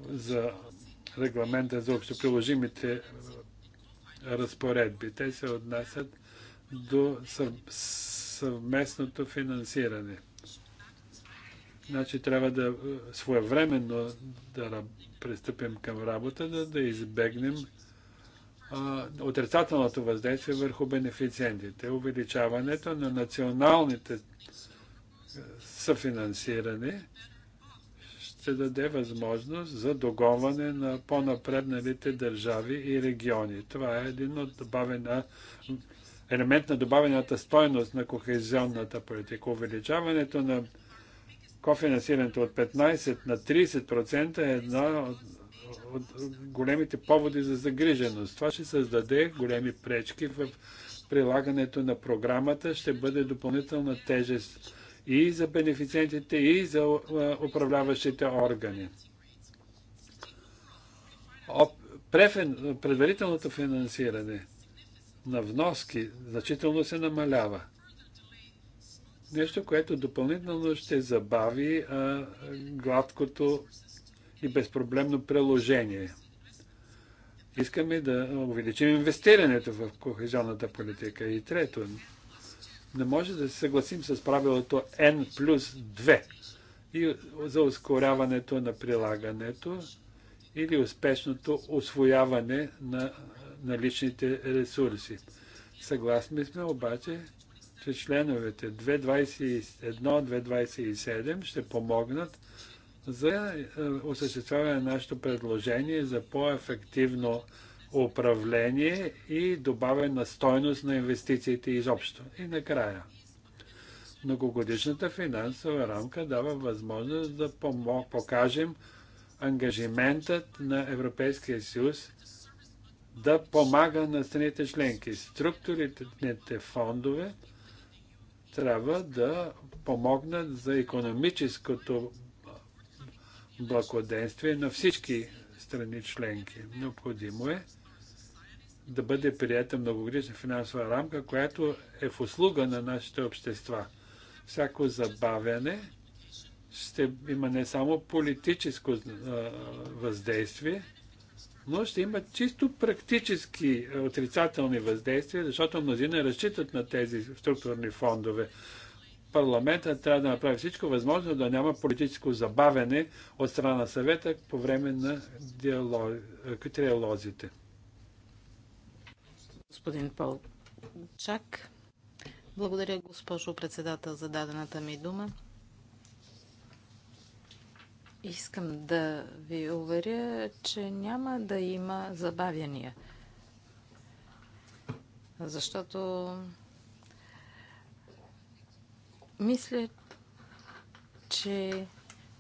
за регламента за общоприложимите разпоредби. Те се отнасят до съвместното финансиране. Значи трябва да своевременно да пристъпим към работа, да, да избегнем а, отрицателното въздействие върху бенефициентите. Увеличаването на националните е, съфинансиране ще даде възможност за догонване на по-напредналите държави и региони. Това е един от добавена, елемент на добавената стойност на кохезионната политика. Увеличаването на кофинансирането от 15 на 30% е една от, от големите поводи за загриженост. Това ще създаде големи пречки в прилагането на програмата, ще бъде допълнителна тежест и за бенефициентите, и за управляващите органи. Предварителното финансиране на вноски значително се намалява нещо, което допълнително ще забави а, гладкото и безпроблемно приложение. Искаме да увеличим инвестирането в кохезионната политика. И трето, не може да се съгласим с правилото N плюс 2 и за ускоряването на прилагането или успешното освояване на наличните ресурси. Съгласни сме обаче, че членовете 221, 227 ще помогнат за е, осъществяване на нашето предложение за по-ефективно управление и на стойност на инвестициите изобщо. И накрая. Многогодишната финансова рамка дава възможност да покажем ангажиментът на Европейския съюз да помага на страните членки. Структурите фондове трябва да помогнат за економическото благоденствие на всички страни членки. Необходимо е да бъде прията многогодишна финансова рамка, която е в услуга на нашите общества. Всяко забавяне ще има не само политическо въздействие, но ще има чисто практически е, отрицателни въздействия, защото мнозина разчитат на тези структурни фондове. Парламентът трябва да направи всичко възможно да няма политическо забавене от страна на съвета по време на е, триалозите. Господин Пол Чак, благодаря госпожо председател за дадената ми дума. Искам да ви уверя, че няма да има забавяния. Защото мисля, че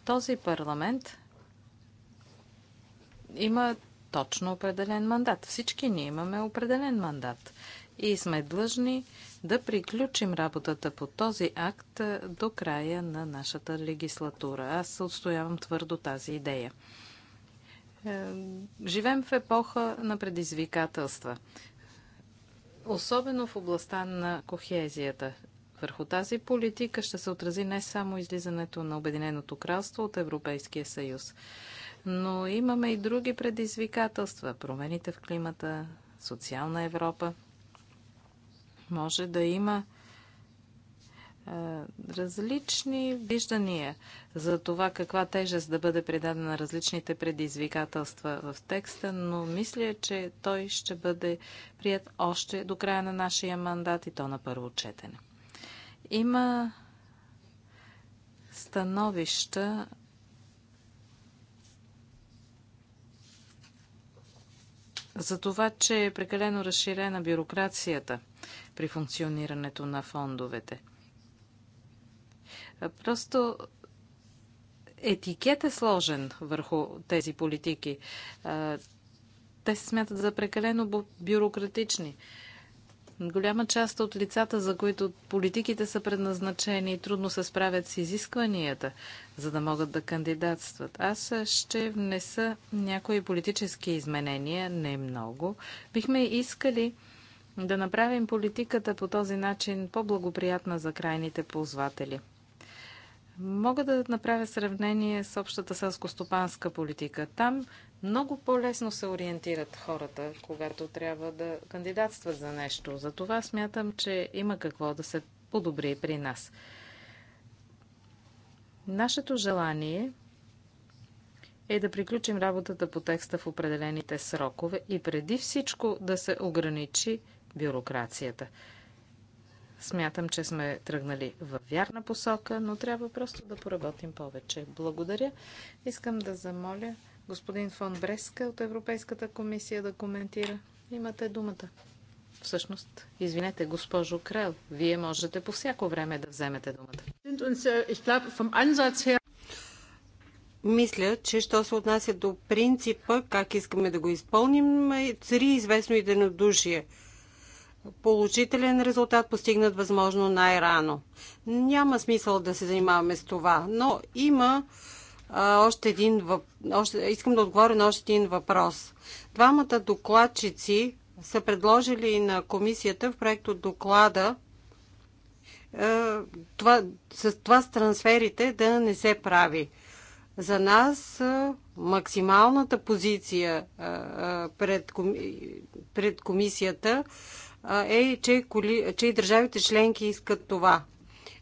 този парламент има точно определен мандат. Всички ние имаме определен мандат и сме длъжни да приключим работата по този акт е, до края на нашата легислатура. Аз отстоявам твърдо тази идея. Е, живеем в епоха на предизвикателства, особено в областта на кохезията. Върху тази политика ще се отрази не само излизането на Обединеното кралство от Европейския съюз, но имаме и други предизвикателства промените в климата, социална Европа – може да има различни виждания за това каква тежест да бъде предадена на различните предизвикателства в текста, но мисля, че той ще бъде прият още до края на нашия мандат и то на първо четене. Има становища за това, че е прекалено разширена бюрокрацията – при функционирането на фондовете. Просто етикет е сложен върху тези политики. Те се смятат за прекалено бюрократични. Голяма част от лицата, за които политиките са предназначени, трудно се справят с изискванията, за да могат да кандидатстват. Аз ще внеса някои политически изменения, не много. Бихме искали да направим политиката по този начин по-благоприятна за крайните ползватели. Мога да направя сравнение с общата селско-стопанска политика. Там много по-лесно се ориентират хората, когато трябва да кандидатстват за нещо. Затова смятам, че има какво да се подобри при нас. Нашето желание е да приключим работата по текста в определените срокове и преди всичко да се ограничи бюрокрацията. Смятам, че сме тръгнали в вярна посока, но трябва просто да поработим повече. Благодаря. Искам да замоля господин фон Бреска от Европейската комисия да коментира. Имате думата. Всъщност, извинете, госпожо Крел, вие можете по всяко време да вземете думата. Мисля, че що се отнася до принципа, как искаме да го изпълним, цари е известно единодушие. душие положителен резултат постигнат възможно най-рано. Няма смисъл да се занимаваме с това, но има а, още един въпрос още... искам да отговоря на още един въпрос. Двамата докладчици са предложили на комисията в проекто доклада това, с това с трансферите да не се прави. За нас максималната позиция пред, пред комисията е, че, коли, че и държавите членки искат това.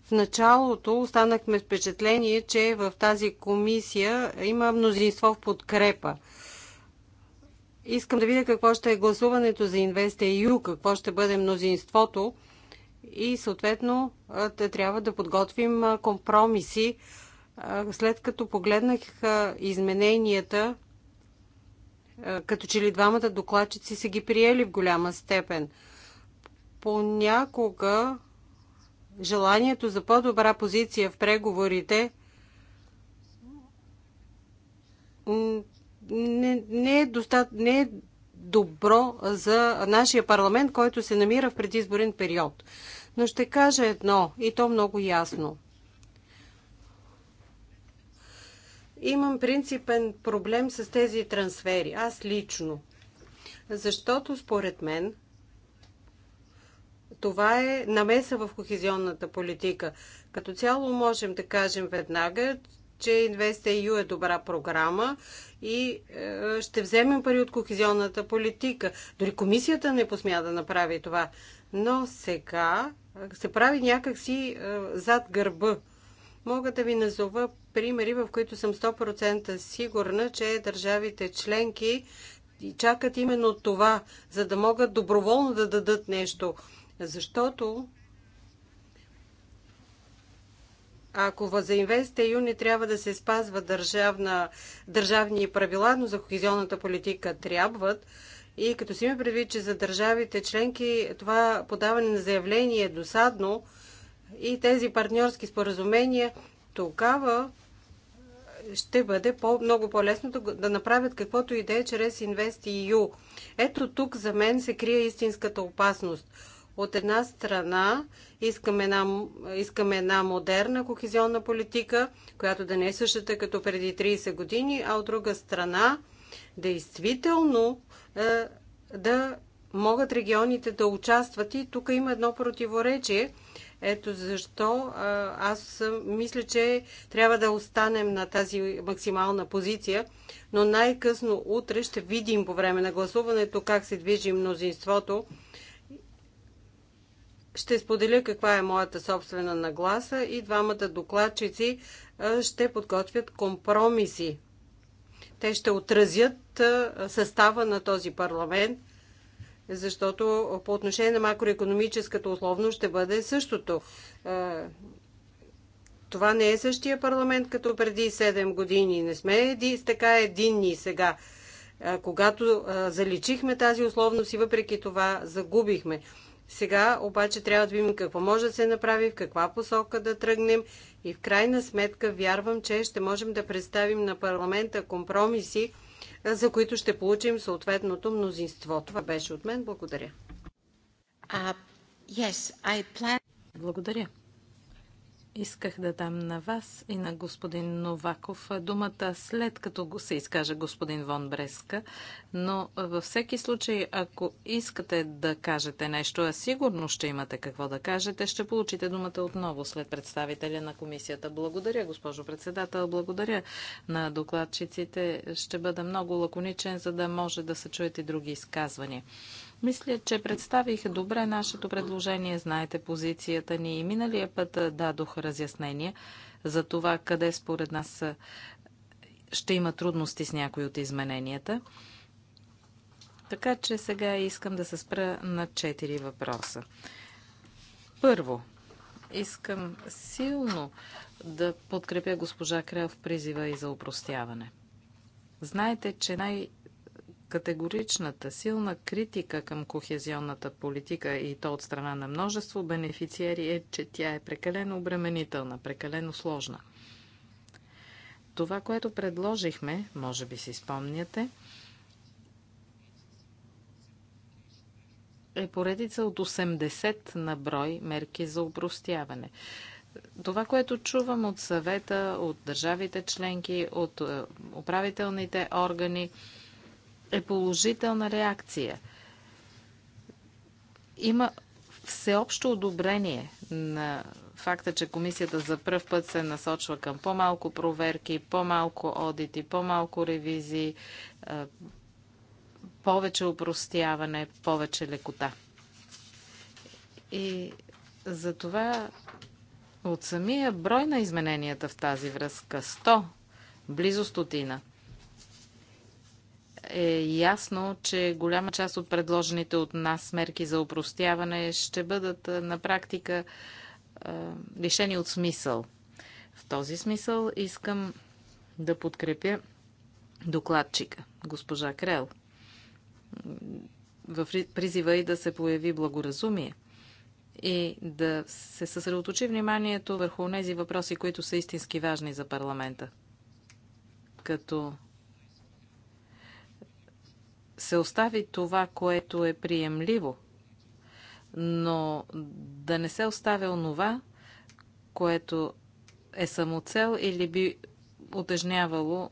В началото останахме впечатление, че в тази комисия има мнозинство в подкрепа. Искам да видя какво ще е гласуването за InvestEU, какво ще бъде мнозинството и съответно трябва да подготвим компромиси. След като погледнах измененията, като че ли двамата докладчици са ги приели в голяма степен – понякога желанието за по-добра позиция в преговорите не, не, е доста, не е добро за нашия парламент, който се намира в предизборен период. Но ще кажа едно, и то много ясно. Имам принципен проблем с тези трансфери, аз лично. Защото според мен това е намеса в кохезионната политика. Като цяло можем да кажем веднага, че InvestEU е добра програма и е, ще вземем пари от кохезионната политика. Дори комисията не посмя да направи това. Но сега е, се прави някакси е, зад гърба. Мога да ви назова примери, в които съм 100% сигурна, че държавите членки чакат именно това, за да могат доброволно да дадат нещо. Защото ако за Юни трябва да се спазва държавна, държавни правила, но за кохезионната политика трябват, и като си ми предвид, че за държавите членки това подаване на заявление е досадно и тези партньорски споразумения, тогава ще бъде по- много по-лесно да направят каквото идея чрез InvestEU. Ето тук за мен се крие истинската опасност – от една страна искаме една, искаме една модерна кохезионна политика, която да не е същата като преди 30 години, а от друга страна действително е, да могат регионите да участват. И тук има едно противоречие. Ето защо е, аз мисля, че трябва да останем на тази максимална позиция, но най-късно утре ще видим по време на гласуването как се движи мнозинството ще споделя каква е моята собствена нагласа и двамата докладчици ще подготвят компромиси. Те ще отразят състава на този парламент, защото по отношение на макроекономическата условно ще бъде същото. Това не е същия парламент като преди 7 години. Не сме така единни сега. Когато заличихме тази условност и въпреки това загубихме. Сега обаче трябва да видим какво може да се направи, в каква посока да тръгнем и в крайна сметка вярвам, че ще можем да представим на парламента компромиси, за които ще получим съответното мнозинство. Това беше от мен. Благодаря. Uh, yes, plan... Благодаря. Исках да дам на вас и на господин Новаков думата след като се изкаже господин Вон Бреска, но във всеки случай, ако искате да кажете нещо, а сигурно ще имате какво да кажете, ще получите думата отново след представителя на комисията. Благодаря, госпожо председател, благодаря на докладчиците. Ще бъда много лаконичен, за да може да се чуете други изказвания. Мисля, че представих добре нашето предложение. Знаете позицията ни и миналия път дадох разяснение за това къде според нас ще има трудности с някои от измененията. Така че сега искам да се спра на четири въпроса. Първо, искам силно да подкрепя госпожа Крел в призива и за упростяване. Знаете, че най- категоричната силна критика към кохезионната политика и то от страна на множество бенефициери е, че тя е прекалено обременителна, прекалено сложна. Това, което предложихме, може би си спомняте, е поредица от 80 на брой мерки за упростяване. Това, което чувам от съвета, от държавите членки, от е, управителните органи, е положителна реакция. Има всеобщо одобрение на факта, че комисията за пръв път се насочва към по-малко проверки, по-малко одити, по-малко ревизии, е, повече упростяване, повече лекота. И за това от самия брой на измененията в тази връзка 100, близо стотина – е ясно, че голяма част от предложените от нас мерки за упростяване ще бъдат на практика лишени от смисъл. В този смисъл искам да подкрепя докладчика, госпожа Крел, в призива и да се появи благоразумие и да се съсредоточи вниманието върху тези въпроси, които са истински важни за парламента. Като се остави това, което е приемливо, но да не се оставя онова, което е самоцел или би отежнявало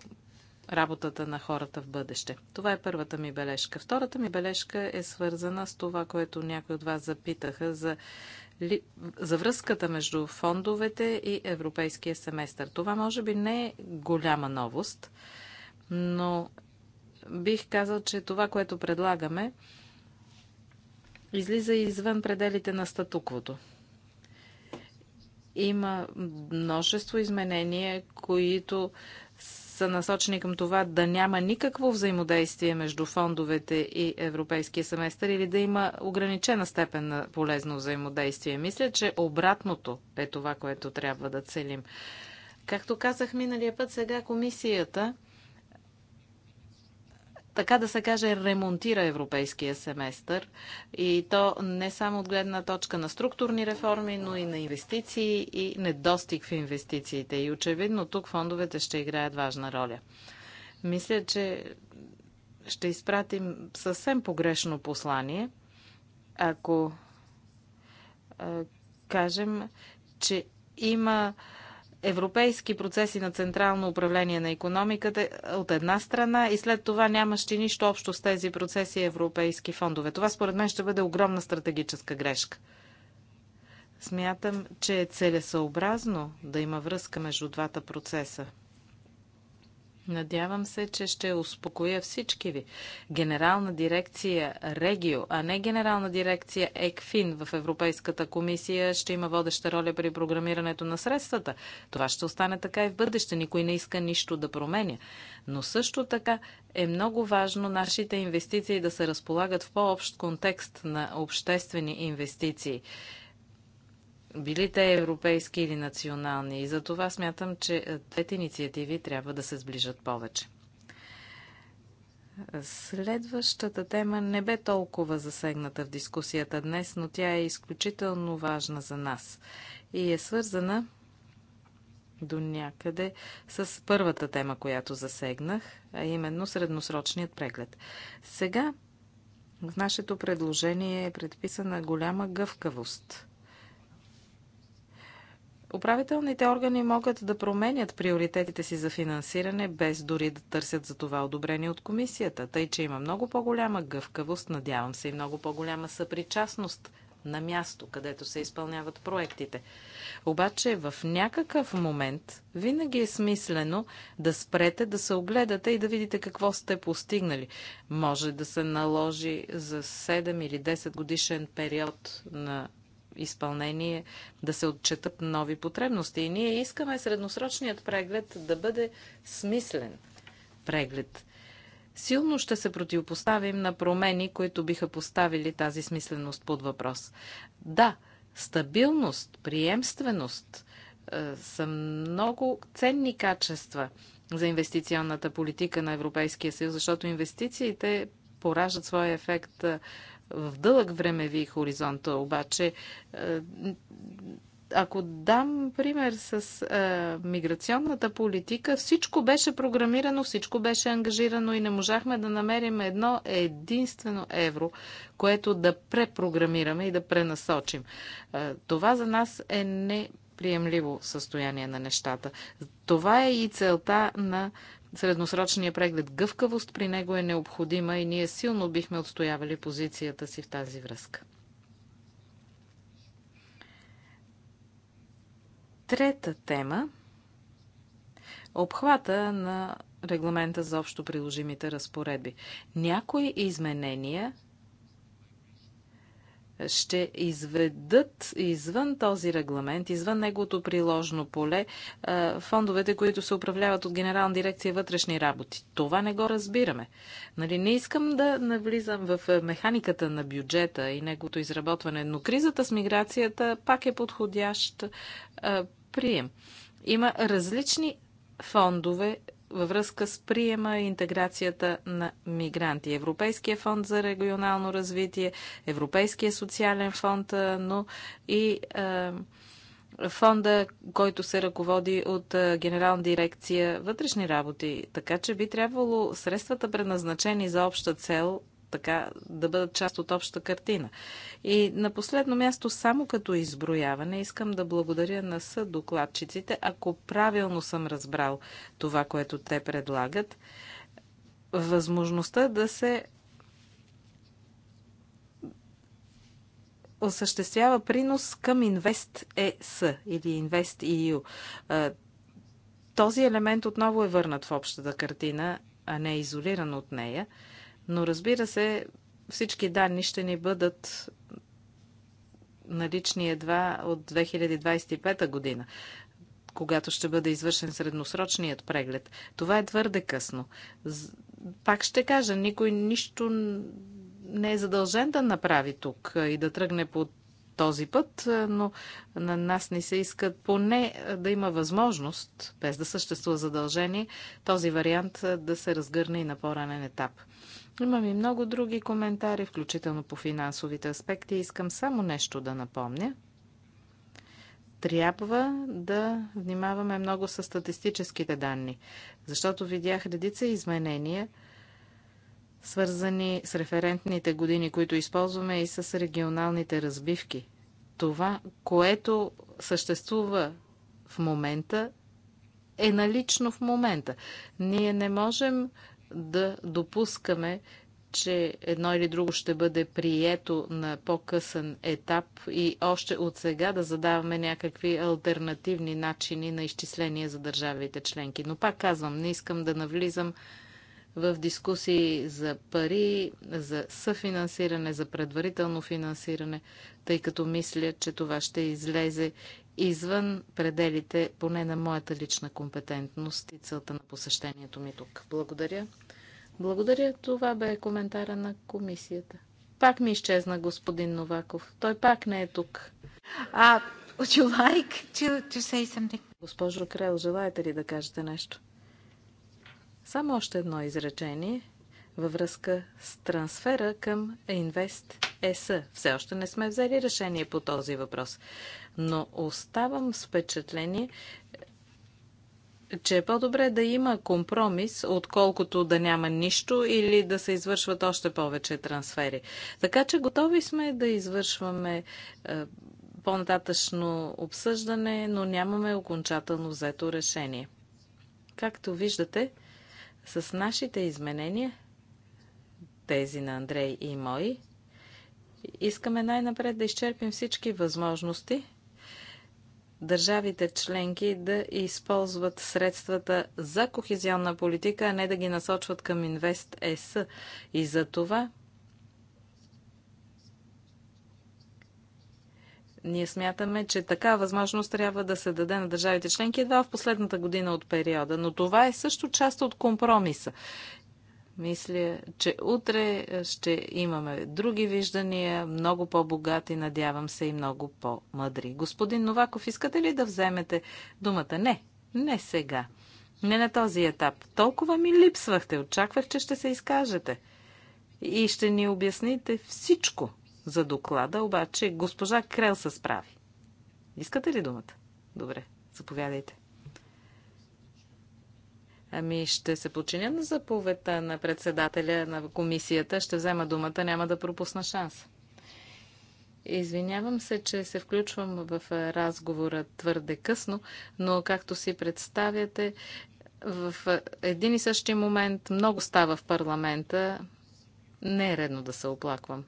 работата на хората в бъдеще. Това е първата ми бележка. Втората ми бележка е свързана с това, което някои от вас запитаха за, ли, за връзката между фондовете и европейския семестър. Това може би не е голяма новост, но бих казал, че това, което предлагаме, излиза извън пределите на статуквото. Има множество изменения, които са насочени към това да няма никакво взаимодействие между фондовете и европейския семестър или да има ограничена степен на полезно взаимодействие. Мисля, че обратното е това, което трябва да целим. Както казах миналия път, сега комисията така да се каже, ремонтира европейския семестър. И то не само от гледна точка на структурни реформи, но и на инвестиции и недостиг в инвестициите. И очевидно тук фондовете ще играят важна роля. Мисля, че ще изпратим съвсем погрешно послание, ако кажем, че има европейски процеси на централно управление на економиката от една страна и след това нямащи нищо общо с тези процеси европейски фондове. Това според мен ще бъде огромна стратегическа грешка. Смятам, че е целесъобразно да има връзка между двата процеса. Надявам се, че ще успокоя всички ви. Генерална дирекция Регио, а не генерална дирекция ЕКФИН в Европейската комисия ще има водеща роля при програмирането на средствата. Това ще остане така и в бъдеще. Никой не иска нищо да променя. Но също така е много важно нашите инвестиции да се разполагат в по-общ контекст на обществени инвестиции били те европейски или национални. И за това смятам, че двете инициативи трябва да се сближат повече. Следващата тема не бе толкова засегната в дискусията днес, но тя е изключително важна за нас и е свързана до някъде с първата тема, която засегнах, а именно средносрочният преглед. Сега в нашето предложение е предписана голяма гъвкавост – Управителните органи могат да променят приоритетите си за финансиране, без дори да търсят за това одобрение от комисията, тъй че има много по-голяма гъвкавост, надявам се и много по-голяма съпричастност на място, където се изпълняват проектите. Обаче в някакъв момент винаги е смислено да спрете, да се огледате и да видите какво сте постигнали. Може да се наложи за 7 или 10 годишен период на изпълнение, да се отчетат нови потребности. И ние искаме средносрочният преглед да бъде смислен преглед. Силно ще се противопоставим на промени, които биха поставили тази смисленост под въпрос. Да, стабилност, приемственост е, са много ценни качества за инвестиционната политика на Европейския съюз, защото инвестициите пораждат своя ефект е, в дълъг времеви хоризонт. Обаче, е, ако дам пример с а, е, миграционната политика, всичко беше програмирано, всичко беше ангажирано и не можахме да намерим едно единствено евро, което да препрограмираме и да пренасочим. А, е, това за нас е неприемливо състояние на нещата. Това е и целта на средносрочния преглед гъвкавост при него е необходима и ние силно бихме отстоявали позицията си в тази връзка. Трета тема обхвата на регламента за общо приложимите разпоредби. Някои изменения ще изведат извън този регламент, извън неговото приложно поле, фондовете, които се управляват от Генерална дирекция вътрешни работи. Това не го разбираме. Нали, не искам да навлизам в механиката на бюджета и неговото изработване, но кризата с миграцията пак е подходящ прием. Има различни фондове във връзка с приема и интеграцията на мигранти. Европейския фонд за регионално развитие, Европейския социален фонд, но и фонда, който се ръководи от Генерална дирекция вътрешни работи. Така че би трябвало средствата, предназначени за обща цел, така да бъдат част от обща картина. И на последно място, само като изброяване, искам да благодаря на съдокладчиците, ако правилно съм разбрал това, което те предлагат, възможността да се осъществява принос към Invest ES или Invest EU. Този елемент отново е върнат в общата картина, а не е изолиран от нея. Но разбира се, всички данни ще ни бъдат налични едва от 2025 година, когато ще бъде извършен средносрочният преглед. Това е твърде късно. Пак ще кажа, никой нищо не е задължен да направи тук и да тръгне по този път, но на нас ни се иска, поне да има възможност, без да съществува задължение, този вариант да се разгърне и на по-ранен етап. Имам и много други коментари, включително по финансовите аспекти. Искам само нещо да напомня. Трябва да внимаваме много с статистическите данни, защото видях редица изменения, свързани с референтните години, които използваме и с регионалните разбивки. Това, което съществува в момента, е налично в момента. Ние не можем да допускаме, че едно или друго ще бъде прието на по-късен етап и още от сега да задаваме някакви альтернативни начини на изчисление за държавите членки. Но пак казвам, не искам да навлизам в дискусии за пари, за съфинансиране, за предварително финансиране, тъй като мисля, че това ще излезе извън пределите поне на моята лична компетентност и целта на посещението ми тук. Благодаря. Благодаря. Това бе коментара на комисията. Пак ми изчезна господин Новаков. Той пак не е тук. А, uh, would you like to, to say something? Госпожо Крел, желаете ли да кажете нещо? Само още едно изречение във връзка с трансфера към Invest ЕС. Все още не сме взели решение по този въпрос. Но оставам с впечатление, че е по-добре да има компромис, отколкото да няма нищо или да се извършват още повече трансфери. Така че готови сме да извършваме е, по-нататъчно обсъждане, но нямаме окончателно взето решение. Както виждате, с нашите изменения, тези на Андрей и мои, Искаме най-напред да изчерпим всички възможности държавите членки да използват средствата за кохезионна политика, а не да ги насочват към Инвест ЕС. И за това Ние смятаме, че така възможност трябва да се даде на държавите членки едва в последната година от периода. Но това е също част от компромиса. Мисля, че утре е, ще имаме други виждания, много по-богати, надявам се, и много по-мъдри. Господин Новаков, искате ли да вземете думата? Не, не сега. Не на този етап. Толкова ми липсвахте. Очаквах, че ще се изкажете. И ще ни обясните всичко за доклада, обаче госпожа Крел се справи. Искате ли думата? Добре, заповядайте. Ами ще се починя на заповедта на председателя на комисията. Ще взема думата, няма да пропусна шанс. Извинявам се, че се включвам в разговора твърде късно, но както си представяте, в един и същи момент много става в парламента. Не е редно да се оплаквам.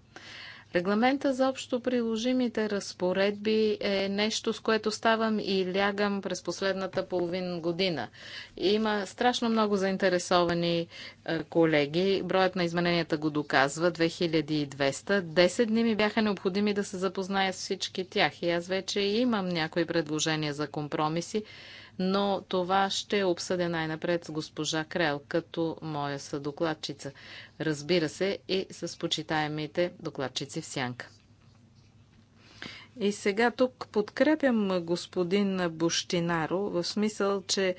Регламента за общо приложимите разпоредби е нещо, с което ставам и лягам през последната половин година. Има страшно много заинтересовани е, колеги. Броят на измененията го доказва 2200. 10 дни ми бяха необходими да се запозная с всички тях. И аз вече имам някои предложения за компромиси но това ще обсъдя най-напред с госпожа Крел, като моя съдокладчица. Разбира се, и с почитаемите докладчици в сянка. И сега тук подкрепям господин Бощинаро в смисъл, че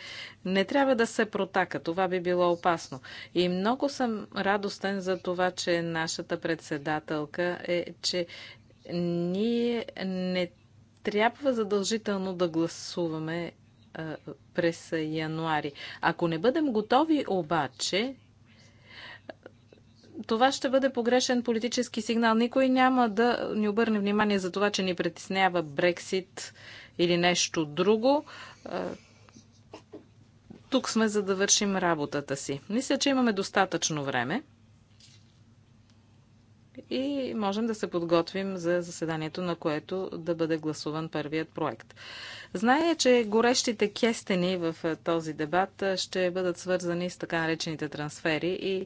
не трябва да се протака. Това би било опасно. И много съм радостен за това, че нашата председателка е, че ние не трябва задължително да гласуваме през януари. Ако не бъдем готови обаче, това ще бъде погрешен политически сигнал. Никой няма да ни обърне внимание за това, че ни притеснява Брексит или нещо друго. Тук сме за да вършим работата си. Мисля, че имаме достатъчно време и можем да се подготвим за заседанието, на което да бъде гласуван първият проект. Зная, че горещите кестени в този дебат ще бъдат свързани с така наречените трансфери и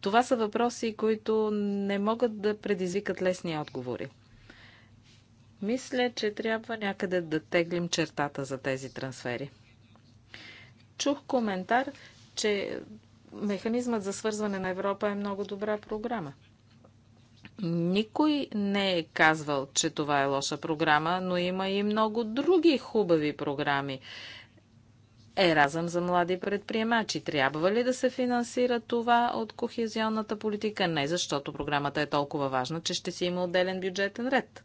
това са въпроси, които не могат да предизвикат лесни отговори. Мисля, че трябва някъде да теглим чертата за тези трансфери. Чух коментар, че механизмът за свързване на Европа е много добра програма. Никой не е казвал, че това е лоша програма, но има и много други хубави програми. Еразъм за млади предприемачи. Трябва ли да се финансира това от кохезионната политика? Не, защото програмата е толкова важна, че ще си има отделен бюджетен ред.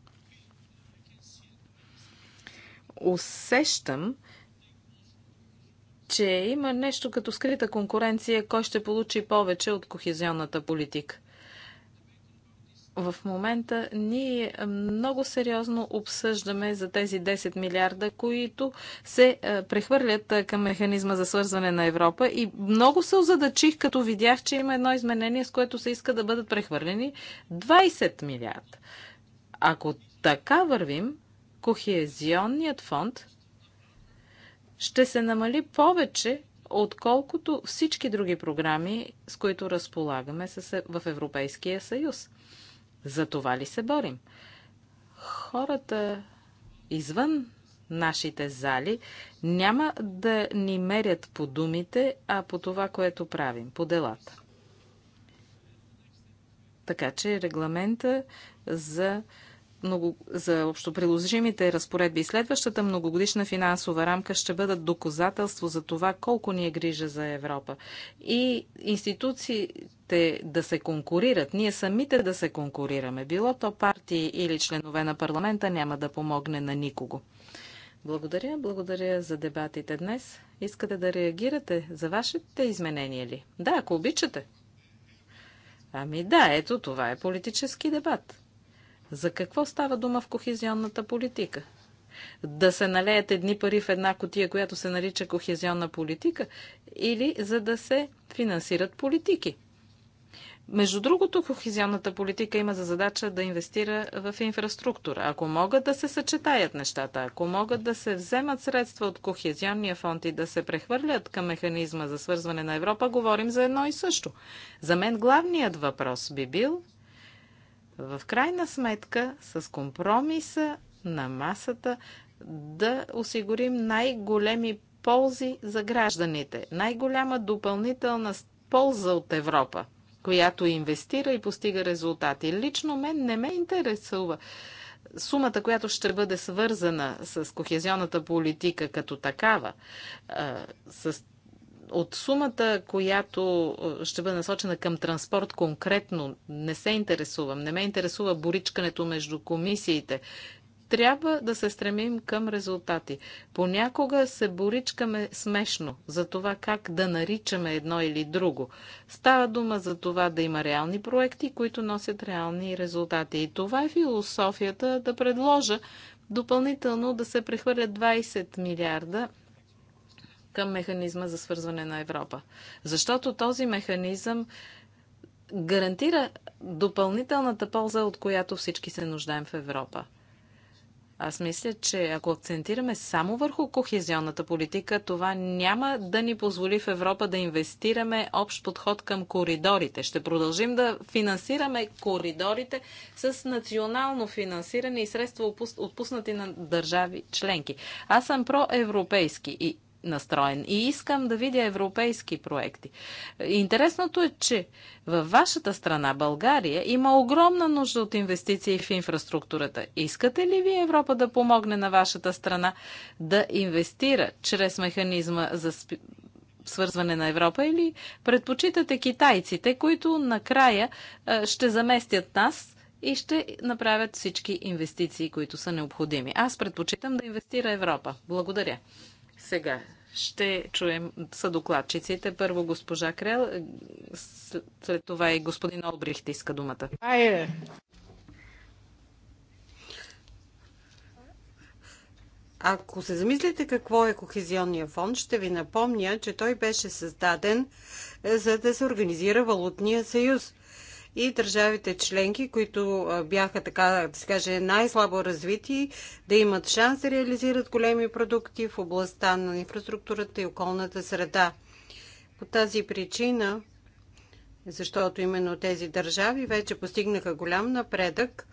Усещам, че има нещо като скрита конкуренция, кой ще получи повече от кохезионната политика в момента ние много сериозно обсъждаме за тези 10 милиарда, които се е, прехвърлят е, към механизма за свързване на Европа и много се озадачих, като видях, че има едно изменение, с което се иска да бъдат прехвърлени 20 милиарда. Ако така вървим, кохезионният фонд ще се намали повече, отколкото всички други програми, с които разполагаме е, в Европейския съюз. За това ли се борим? Хората извън нашите зали няма да ни мерят по думите, а по това, което правим, по делата. Така че регламента за много, за общоприложимите разпоредби и следващата многогодишна финансова рамка ще бъдат доказателство за това колко ни е грижа за Европа. И институциите да се конкурират, ние самите да се конкурираме, било то партии или членове на парламента, няма да помогне на никого. Благодаря, благодаря за дебатите днес. Искате да реагирате за вашите изменения ли? Да, ако обичате. Ами да, ето това е политически дебат. За какво става дума в кохезионната политика? Да се налеят едни пари в една котия, която се нарича кохезионна политика, или за да се финансират политики? Между другото, кохезионната политика има за задача да инвестира в инфраструктура. Ако могат да се съчетаят нещата, ако могат да се вземат средства от кохезионния фонд и да се прехвърлят към механизма за свързване на Европа, говорим за едно и също. За мен главният въпрос би бил в крайна сметка с компромиса на масата да осигурим най-големи ползи за гражданите, най-голяма допълнителна полза от Европа, която инвестира и постига резултати. Лично мен не ме интересува сумата, която ще бъде свързана с кохезионната политика като такава, с от сумата, която е, ще бъде насочена към транспорт конкретно, не се интересувам. Не ме интересува боричкането между комисиите. Трябва да се стремим към резултати. Понякога се боричкаме смешно за това как да наричаме едно или друго. Става дума за това да има реални проекти, които носят реални резултати. И това е философията да предложа допълнително да се прехвърлят 20 милиарда към механизма за свързване на Европа. Защото този механизъм гарантира допълнителната полза, от която всички се нуждаем в Европа. Аз мисля, че ако акцентираме само върху кохезионната политика, това няма да ни позволи в Европа да инвестираме общ подход към коридорите. Ще продължим да финансираме коридорите с национално финансиране и средства отпуснати на държави членки. Аз съм проевропейски и настроен и искам да видя европейски проекти. Интересното е, че във вашата страна, България, има огромна нужда от инвестиции в инфраструктурата. Искате ли ви Европа да помогне на вашата страна да инвестира чрез механизма за спи... свързване на Европа или предпочитате китайците, които накрая ще заместят нас и ще направят всички инвестиции, които са необходими. Аз предпочитам да инвестира Европа. Благодаря. Сега ще чуем съдокладчиците. Първо госпожа Крел, след това и господин Олбрихт иска думата. Айде! Ако се замислите какво е Кохезионния фонд, ще ви напомня, че той беше създаден е, за да се организира Валутния съюз и държавите членки, които бяха, така да се каже, най-слабо развити, да имат шанс да реализират големи продукти в областта на инфраструктурата и околната среда. По тази причина, защото именно тези държави вече постигнаха голям напредък,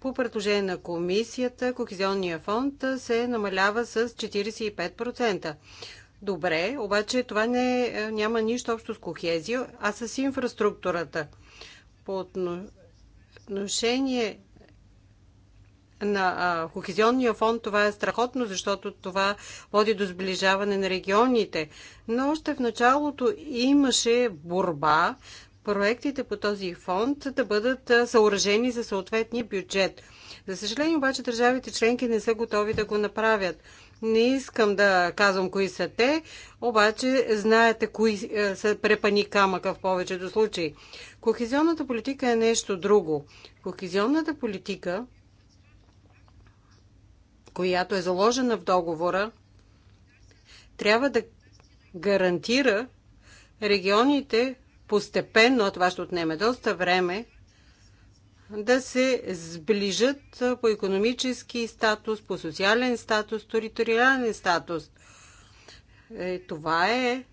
по предложение на комисията, Кохезионния фонд се намалява с 45%. Добре, обаче това не, е, няма нищо общо с кохезия, а с инфраструктурата. По отношение на Кохезионния фонд това е страхотно, защото това води до сближаване на регионите. Но още в началото имаше борба проектите по този фонд да бъдат съоръжени за съответния бюджет. За съжаление обаче държавите членки не са готови да го направят. Не искам да казвам кои са те, обаче знаете кои е, са препани камъка в повечето случаи. Кохезионната политика е нещо друго. Кохезионната политика, която е заложена в договора, трябва да гарантира регионите постепенно, това ще отнеме доста време, да се сближат по економически статус, по социален статус, териториален статус. Е, това е,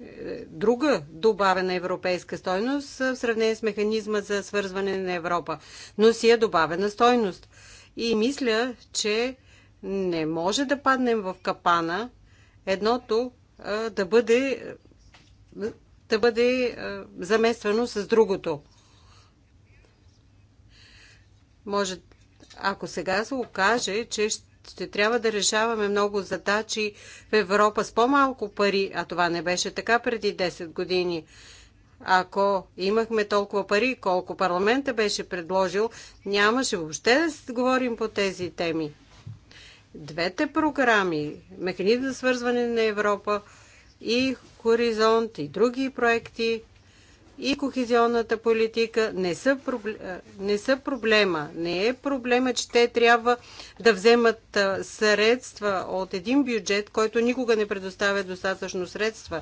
е друга добавена европейска стойност в сравнение с механизма за свързване на Европа, но си е добавена стойност. И мисля, че не може да паднем в капана едното да бъде, да бъде замествано с другото. Може, ако сега се окаже, че ще трябва да решаваме много задачи в Европа с по-малко пари, а това не беше така преди 10 години. Ако имахме толкова пари, колко парламента беше предложил, нямаше въобще да се говорим по тези теми. Двете програми, Механизъм за свързване на Европа и Хоризонт и други проекти – и кохезионната политика не са, не са проблема. Не е проблема, че те трябва да вземат средства от един бюджет, който никога не предоставя достатъчно средства.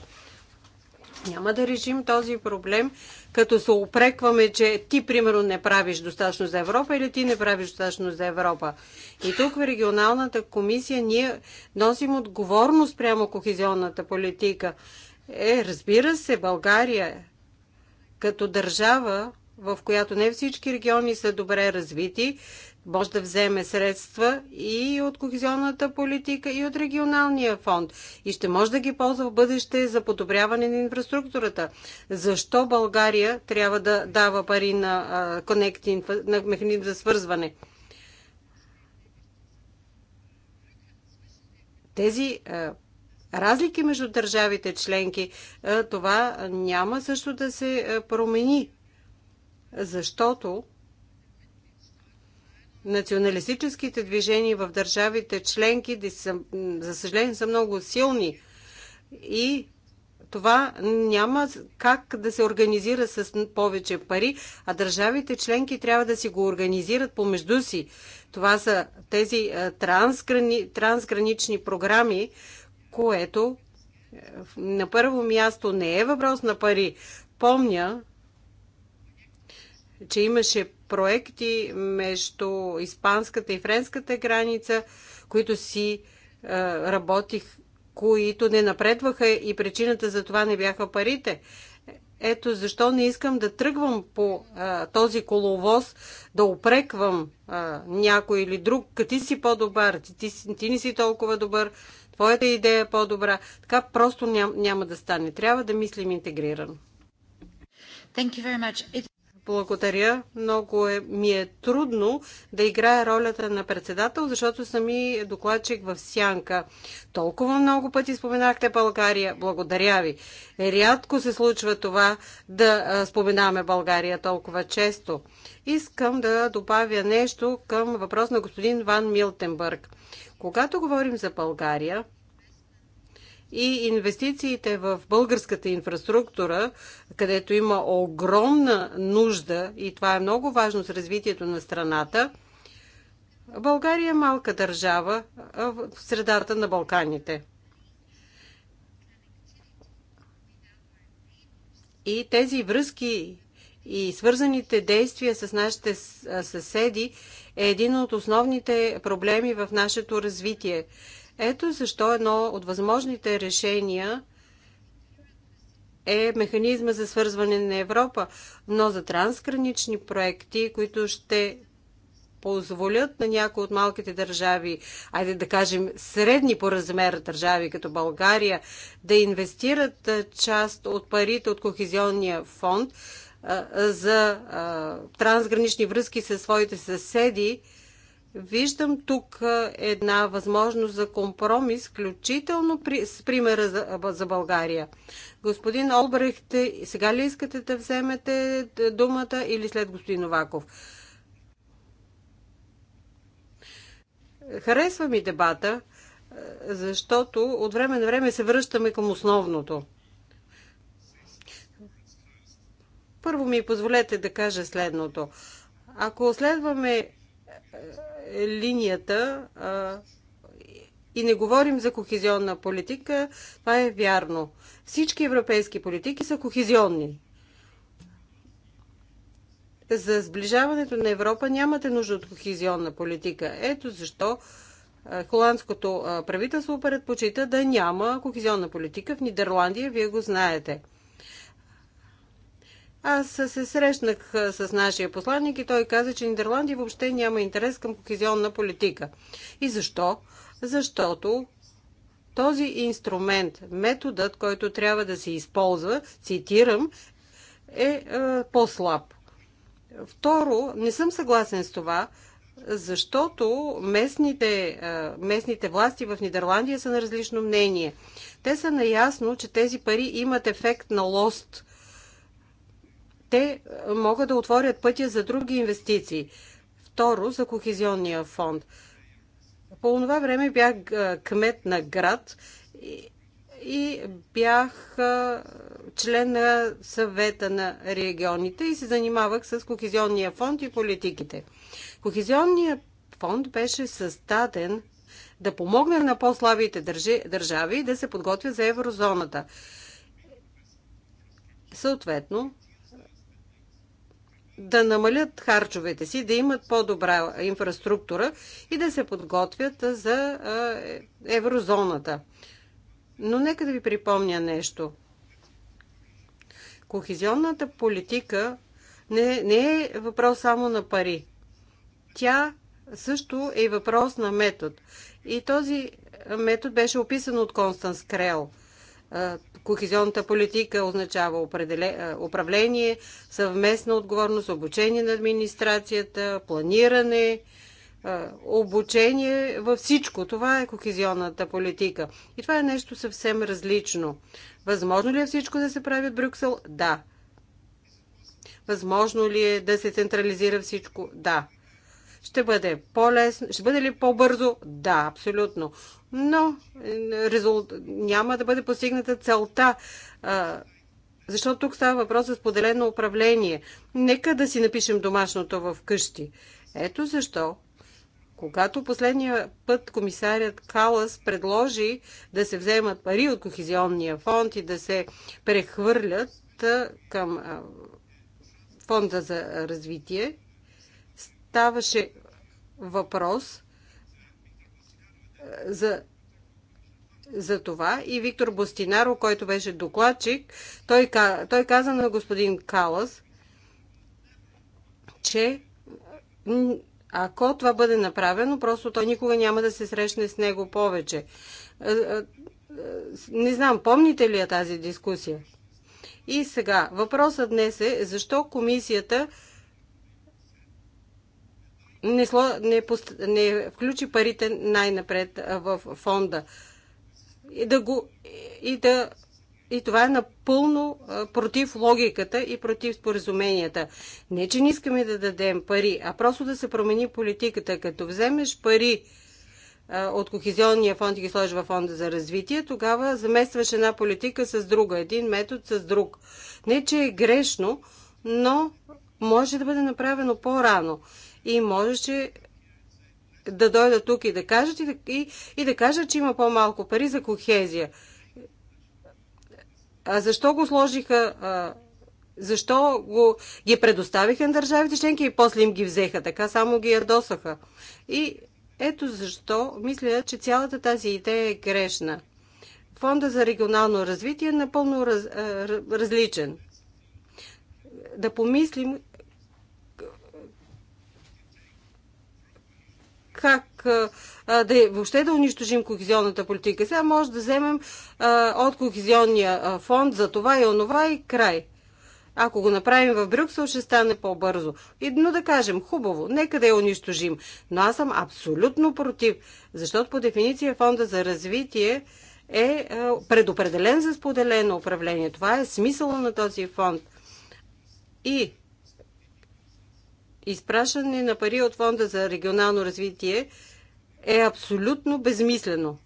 Няма да решим този проблем, като се опрекваме, че ти, примерно, не правиш достатъчно за Европа или ти не правиш достатъчно за Европа. И тук в регионалната комисия ние носим отговорност прямо кохезионната политика. Е, разбира се, България като държава, в която не всички региони са добре развити, може да вземе средства и от кохезионната политика, и от регионалния фонд. И ще може да ги ползва в бъдеще за подобряване на инфраструктурата. Защо България трябва да дава пари на, на механизм за свързване? Тези разлики между държавите членки, е, това няма също да се е, промени, защото националистическите движения в държавите членки, за съжаление, са много силни и това няма как да се организира с повече пари, а държавите членки трябва да си го организират помежду си. Това са тези е, трансграни, трансгранични програми, което е, на първо място не е въпрос на пари. Помня, че имаше проекти между испанската и френската граница, които си е, работих, които не напредваха и причината за това не бяха парите. Ето защо не искам да тръгвам по а, е, този коловоз, да опреквам а, е, някой или друг. Ти си по-добър, ти, ти, ти не си толкова добър твоята идея е по-добра. Така просто ням, няма да стане. Трябва да мислим интегрирано. It благодаря. Много е, ми е трудно да играя ролята на председател, защото съм и докладчик в Сянка. Толкова много пъти споменахте България. Благодаря ви. Рядко се случва това да споменаваме България толкова често. Искам да добавя нещо към въпрос на господин Ван Милтенбърг. Когато говорим за България, и инвестициите в българската инфраструктура, където има огромна нужда и това е много важно с развитието на страната. България е малка държава в средата на Балканите. И тези връзки и свързаните действия с нашите съседи е един от основните проблеми в нашето развитие. Ето защо едно от възможните решения е механизма за свързване на Европа, но за трансгранични проекти, които ще позволят на някои от малките държави, айде да кажем средни по размер държави, като България, да инвестират част от парите от Кохезионния фонд за трансгранични връзки със своите съседи, Виждам тук една възможност за компромис, включително при, с примера за, за България. Господин Олбрехт, сега ли искате да вземете думата или след господин Оваков? Харесва ми дебата, защото от време на време се връщаме към основното. Първо ми позволете да кажа следното. Ако следваме линията и не говорим за кохезионна политика, това е вярно. Всички европейски политики са кохезионни. За сближаването на Европа нямате нужда от кохезионна политика. Ето защо холандското правителство предпочита да няма кохезионна политика в Нидерландия, вие го знаете – аз се срещнах с нашия посланник и той каза, че Нидерландия въобще няма интерес към кохезионна политика. И защо? Защото този инструмент, методът, който трябва да се използва, цитирам, е, е по-слаб. Второ, не съм съгласен с това, защото местните, местните власти в Нидерландия са на различно мнение. Те са наясно, че тези пари имат ефект на лост те е, могат да отворят пътя за други инвестиции. Второ, за кохезионния фонд. По това време бях е, кмет на град и, бях е, член на съвета на регионите и се занимавах с кохезионния фонд и политиките. Кохезионният фонд беше създаден да помогне на по-слабите държави да се подготвят за еврозоната. Съответно, да намалят харчовете си, да имат по-добра инфраструктура и да се подготвят за е, еврозоната. Но нека да ви припомня нещо. Кохезионната политика не, не е въпрос само на пари. Тя също е въпрос на метод. И този метод беше описан от Констанс Крел – Кохезионната политика означава управление, съвместна отговорност, обучение на администрацията, планиране, обучение във всичко. Това е кохезионната политика. И това е нещо съвсем различно. Възможно ли е всичко да се прави от Брюксел? Да. Възможно ли е да се централизира всичко? Да. Ще бъде по-лесно? Ще бъде ли по-бързо? Да, абсолютно. Но е, резулт... няма да бъде постигната целта. Защото тук става въпрос за споделено управление. Нека да си напишем домашното в къщи. Ето защо когато последния път комисарят Калас предложи да се вземат пари от Кохизионния фонд и да се прехвърлят към фонда за развитие, ставаше въпрос е, за, за това и Виктор Бостинаро, който беше докладчик, той, той каза на господин Калас, че ако това бъде направено, просто той никога няма да се срещне с него повече. Е, е, не знам, помните ли я тази дискусия? И сега, въпросът днес е защо комисията не, сло, не, пост, не включи парите най-напред в фонда. И да го. И да и това е напълно против логиката и против споразуменията. Не, че не искаме да дадем пари, а просто да се промени политиката. Като вземеш пари от Кохизионния фонд и ги сложи във фонда за развитие, тогава заместваш една политика с друга, един метод с друг. Не, че е грешно, но може да бъде направено по-рано и можеше да дойда тук и да кажат и, и, и да кажат, че има по-малко пари за кохезия. А защо го сложиха? А, защо го, ги предоставиха на държавите членки и после им ги взеха? Така само ги ядосаха. И ето защо мисля, че цялата тази идея е грешна. Фонда за регионално развитие е напълно раз, а, различен. Да помислим как да, е, въобще да унищожим кохезионната политика. Сега може да вземем от кохезионния фонд за това и онова и край. Ако го направим в Брюксел, ще стане по-бързо. И, но да кажем, хубаво, нека да я унищожим. Но аз съм абсолютно против, защото по дефиниция фонда за развитие е предопределен за споделено управление. Това е смисъла на този фонд. И изпращане на пари от Фонда за регионално развитие е абсолютно безмислено.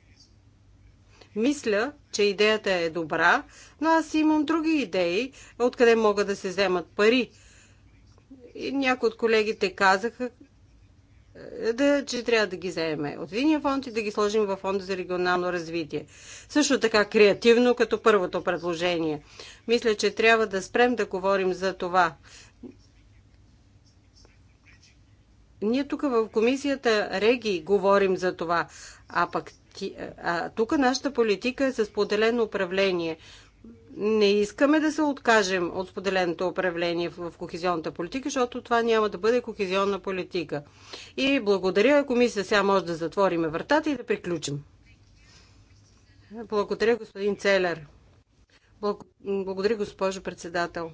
Мисля, че идеята е добра, но аз имам други идеи, откъде могат да се вземат пари. И някои от колегите казаха, е, да, че трябва да ги вземем от единия фонд и да ги сложим в фонда за регионално развитие. Също така креативно, като първото предложение. Мисля, че трябва да спрем да говорим за това. Ние тук в комисията Реги говорим за това, а пък а, тук нашата политика е с поделено управление. Не искаме да се откажем от споделеното управление в кохезионната политика, защото това няма да бъде кохезионна политика. И благодаря, комисия сега може да затвориме вратата и да приключим. Благодаря, господин Целер. Благодаря, госпожо председател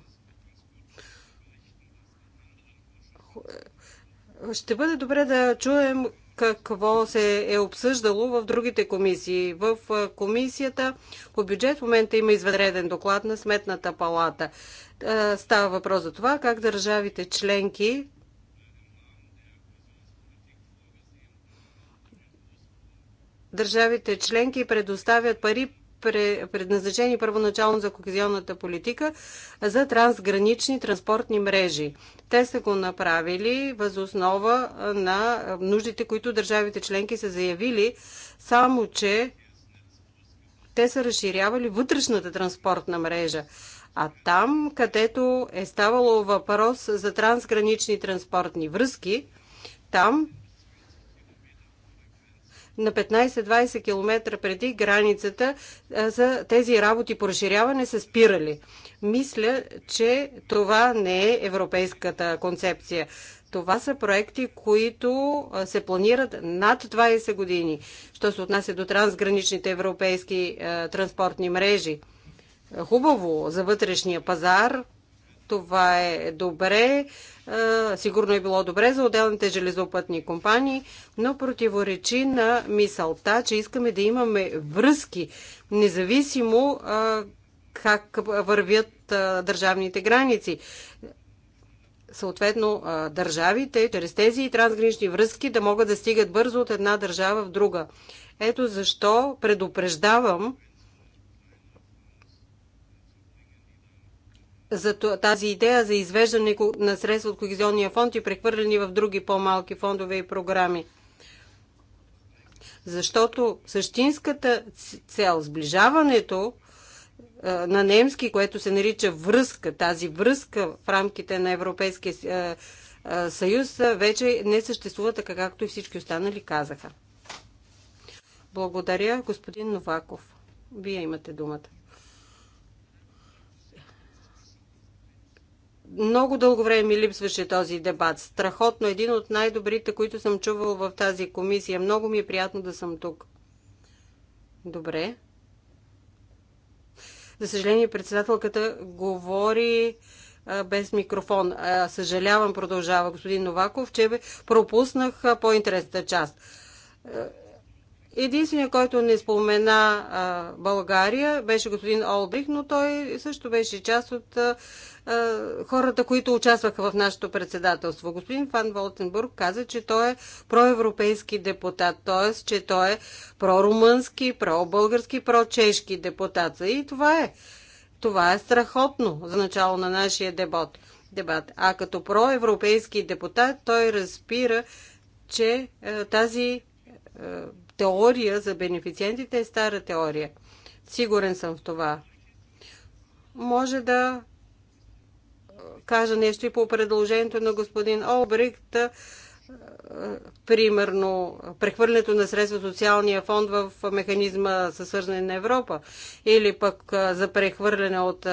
ще бъде добре да чуем какво се е обсъждало в другите комисии. В комисията по бюджет в момента има извънреден доклад на Сметната палата. Става въпрос за това как държавите членки държавите членки предоставят пари предназначени първоначално за кохезионната политика за трансгранични транспортни мрежи. Те са го направили възоснова на нуждите, които държавите членки са заявили, само че те са разширявали вътрешната транспортна мрежа. А там, където е ставало въпрос за трансгранични транспортни връзки, там на 15-20 км преди границата за тези работи по разширяване са спирали. Мисля, че това не е европейската концепция. Това са проекти, които се планират над 20 години, що се отнася до трансграничните европейски транспортни мрежи. Хубаво за вътрешния пазар, това е добре, сигурно е било добре за отделните железопътни компании, но противоречи на мисълта, че искаме да имаме връзки, независимо как вървят държавните граници. Съответно, държавите чрез тези трансгранични връзки да могат да стигат бързо от една държава в друга. Ето защо предупреждавам за тази идея за извеждане на средства от Когизионния фонд и прехвърляне в други по-малки фондове и програми. Защото същинската цел, сближаването на немски, което се нарича връзка, тази връзка в рамките на Европейския съюз, вече не съществува така, както и всички останали казаха. Благодаря, господин Новаков. Вие имате думата. Много дълго време ми липсваше този дебат. Страхотно, един от най-добрите, които съм чувал в тази комисия. Много ми е приятно да съм тук. Добре. За съжаление, председателката говори а, без микрофон. А, съжалявам, продължава господин Новаков, че пропуснах по-интересната част. Единственият, който не спомена а, България, беше господин Олбрих, но той също беше част от а, а, хората, които участваха в нашето председателство. Господин Фан Волтенбург каза, че той е проевропейски депутат, т.е. че той е прорумънски, пробългарски, прочешки депутат. И това е. Това е страхотно за начало на нашия дебат. дебат. А като проевропейски депутат той разбира, че а, е, тази а, е, теория за бенефициентите е стара теория. Сигурен съм в това. Може да кажа нещо и по предложението на господин Олбрихт, примерно прехвърлянето на средства социалния фонд в механизма със свързване на Европа или пък за прехвърляне от,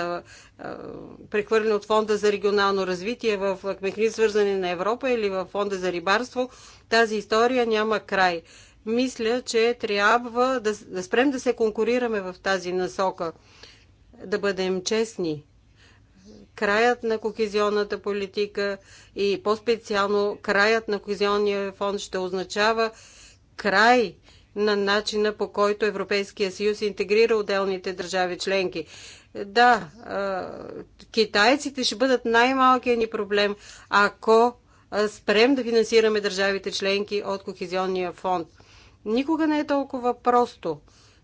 прехвърляне от фонда за регионално развитие в механизма свързане на Европа или в фонда за рибарство, тази история няма край мисля, че трябва да, да спрем да се конкурираме в тази насока. Да бъдем честни. Краят на кохезионната политика и по-специално краят на кохезионния фонд ще означава край на начина по който Европейския съюз интегрира отделните държави членки. Да, китайците ще бъдат най-малкият ни проблем, ако спрем да финансираме държавите членки от Кохезионния фонд никога не е толкова просто.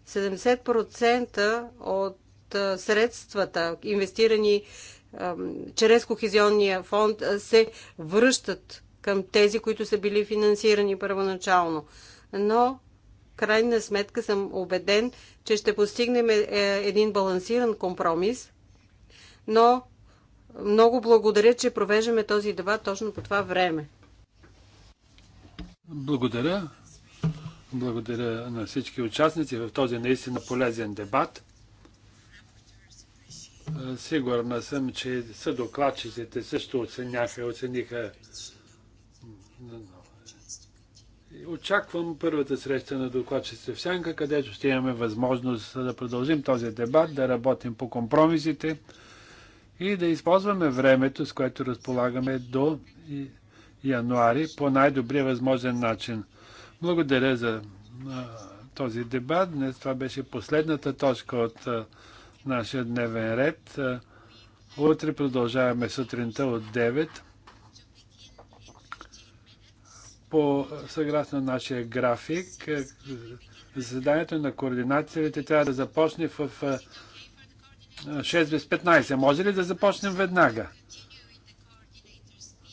70% от средствата, инвестирани чрез Кохезионния фонд, се връщат към тези, които са били финансирани първоначално. Но, крайна сметка, съм убеден, че ще постигнем е, е, един балансиран компромис. Но много благодаря, че провеждаме този дебат точно по това време. Благодаря. Благодаря на всички участници в този наистина полезен дебат. Сигурна съм, че съдокладчиците също оценяха, оцениха. Очаквам първата среща на докладчиците в Сянка, където ще имаме възможност да продължим този дебат, да работим по компромисите и да използваме времето, с което разполагаме до януари по най-добрия възможен начин. Благодаря за този дебат. Днес това беше последната точка от нашия дневен ред. утре продължаваме сутринта от 9 по съгласно нашия график. Заседанието на координацията трябва да започне в 6 без 15. Може ли да започнем веднага?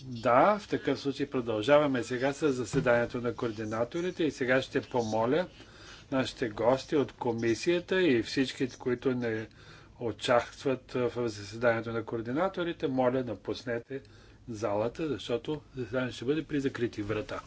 Да, в такъв случай продължаваме сега с заседанието на координаторите и сега ще помоля нашите гости от комисията и всички, които не участват в заседанието на координаторите, моля напуснете залата, защото заседанието ще бъде при закрити врата.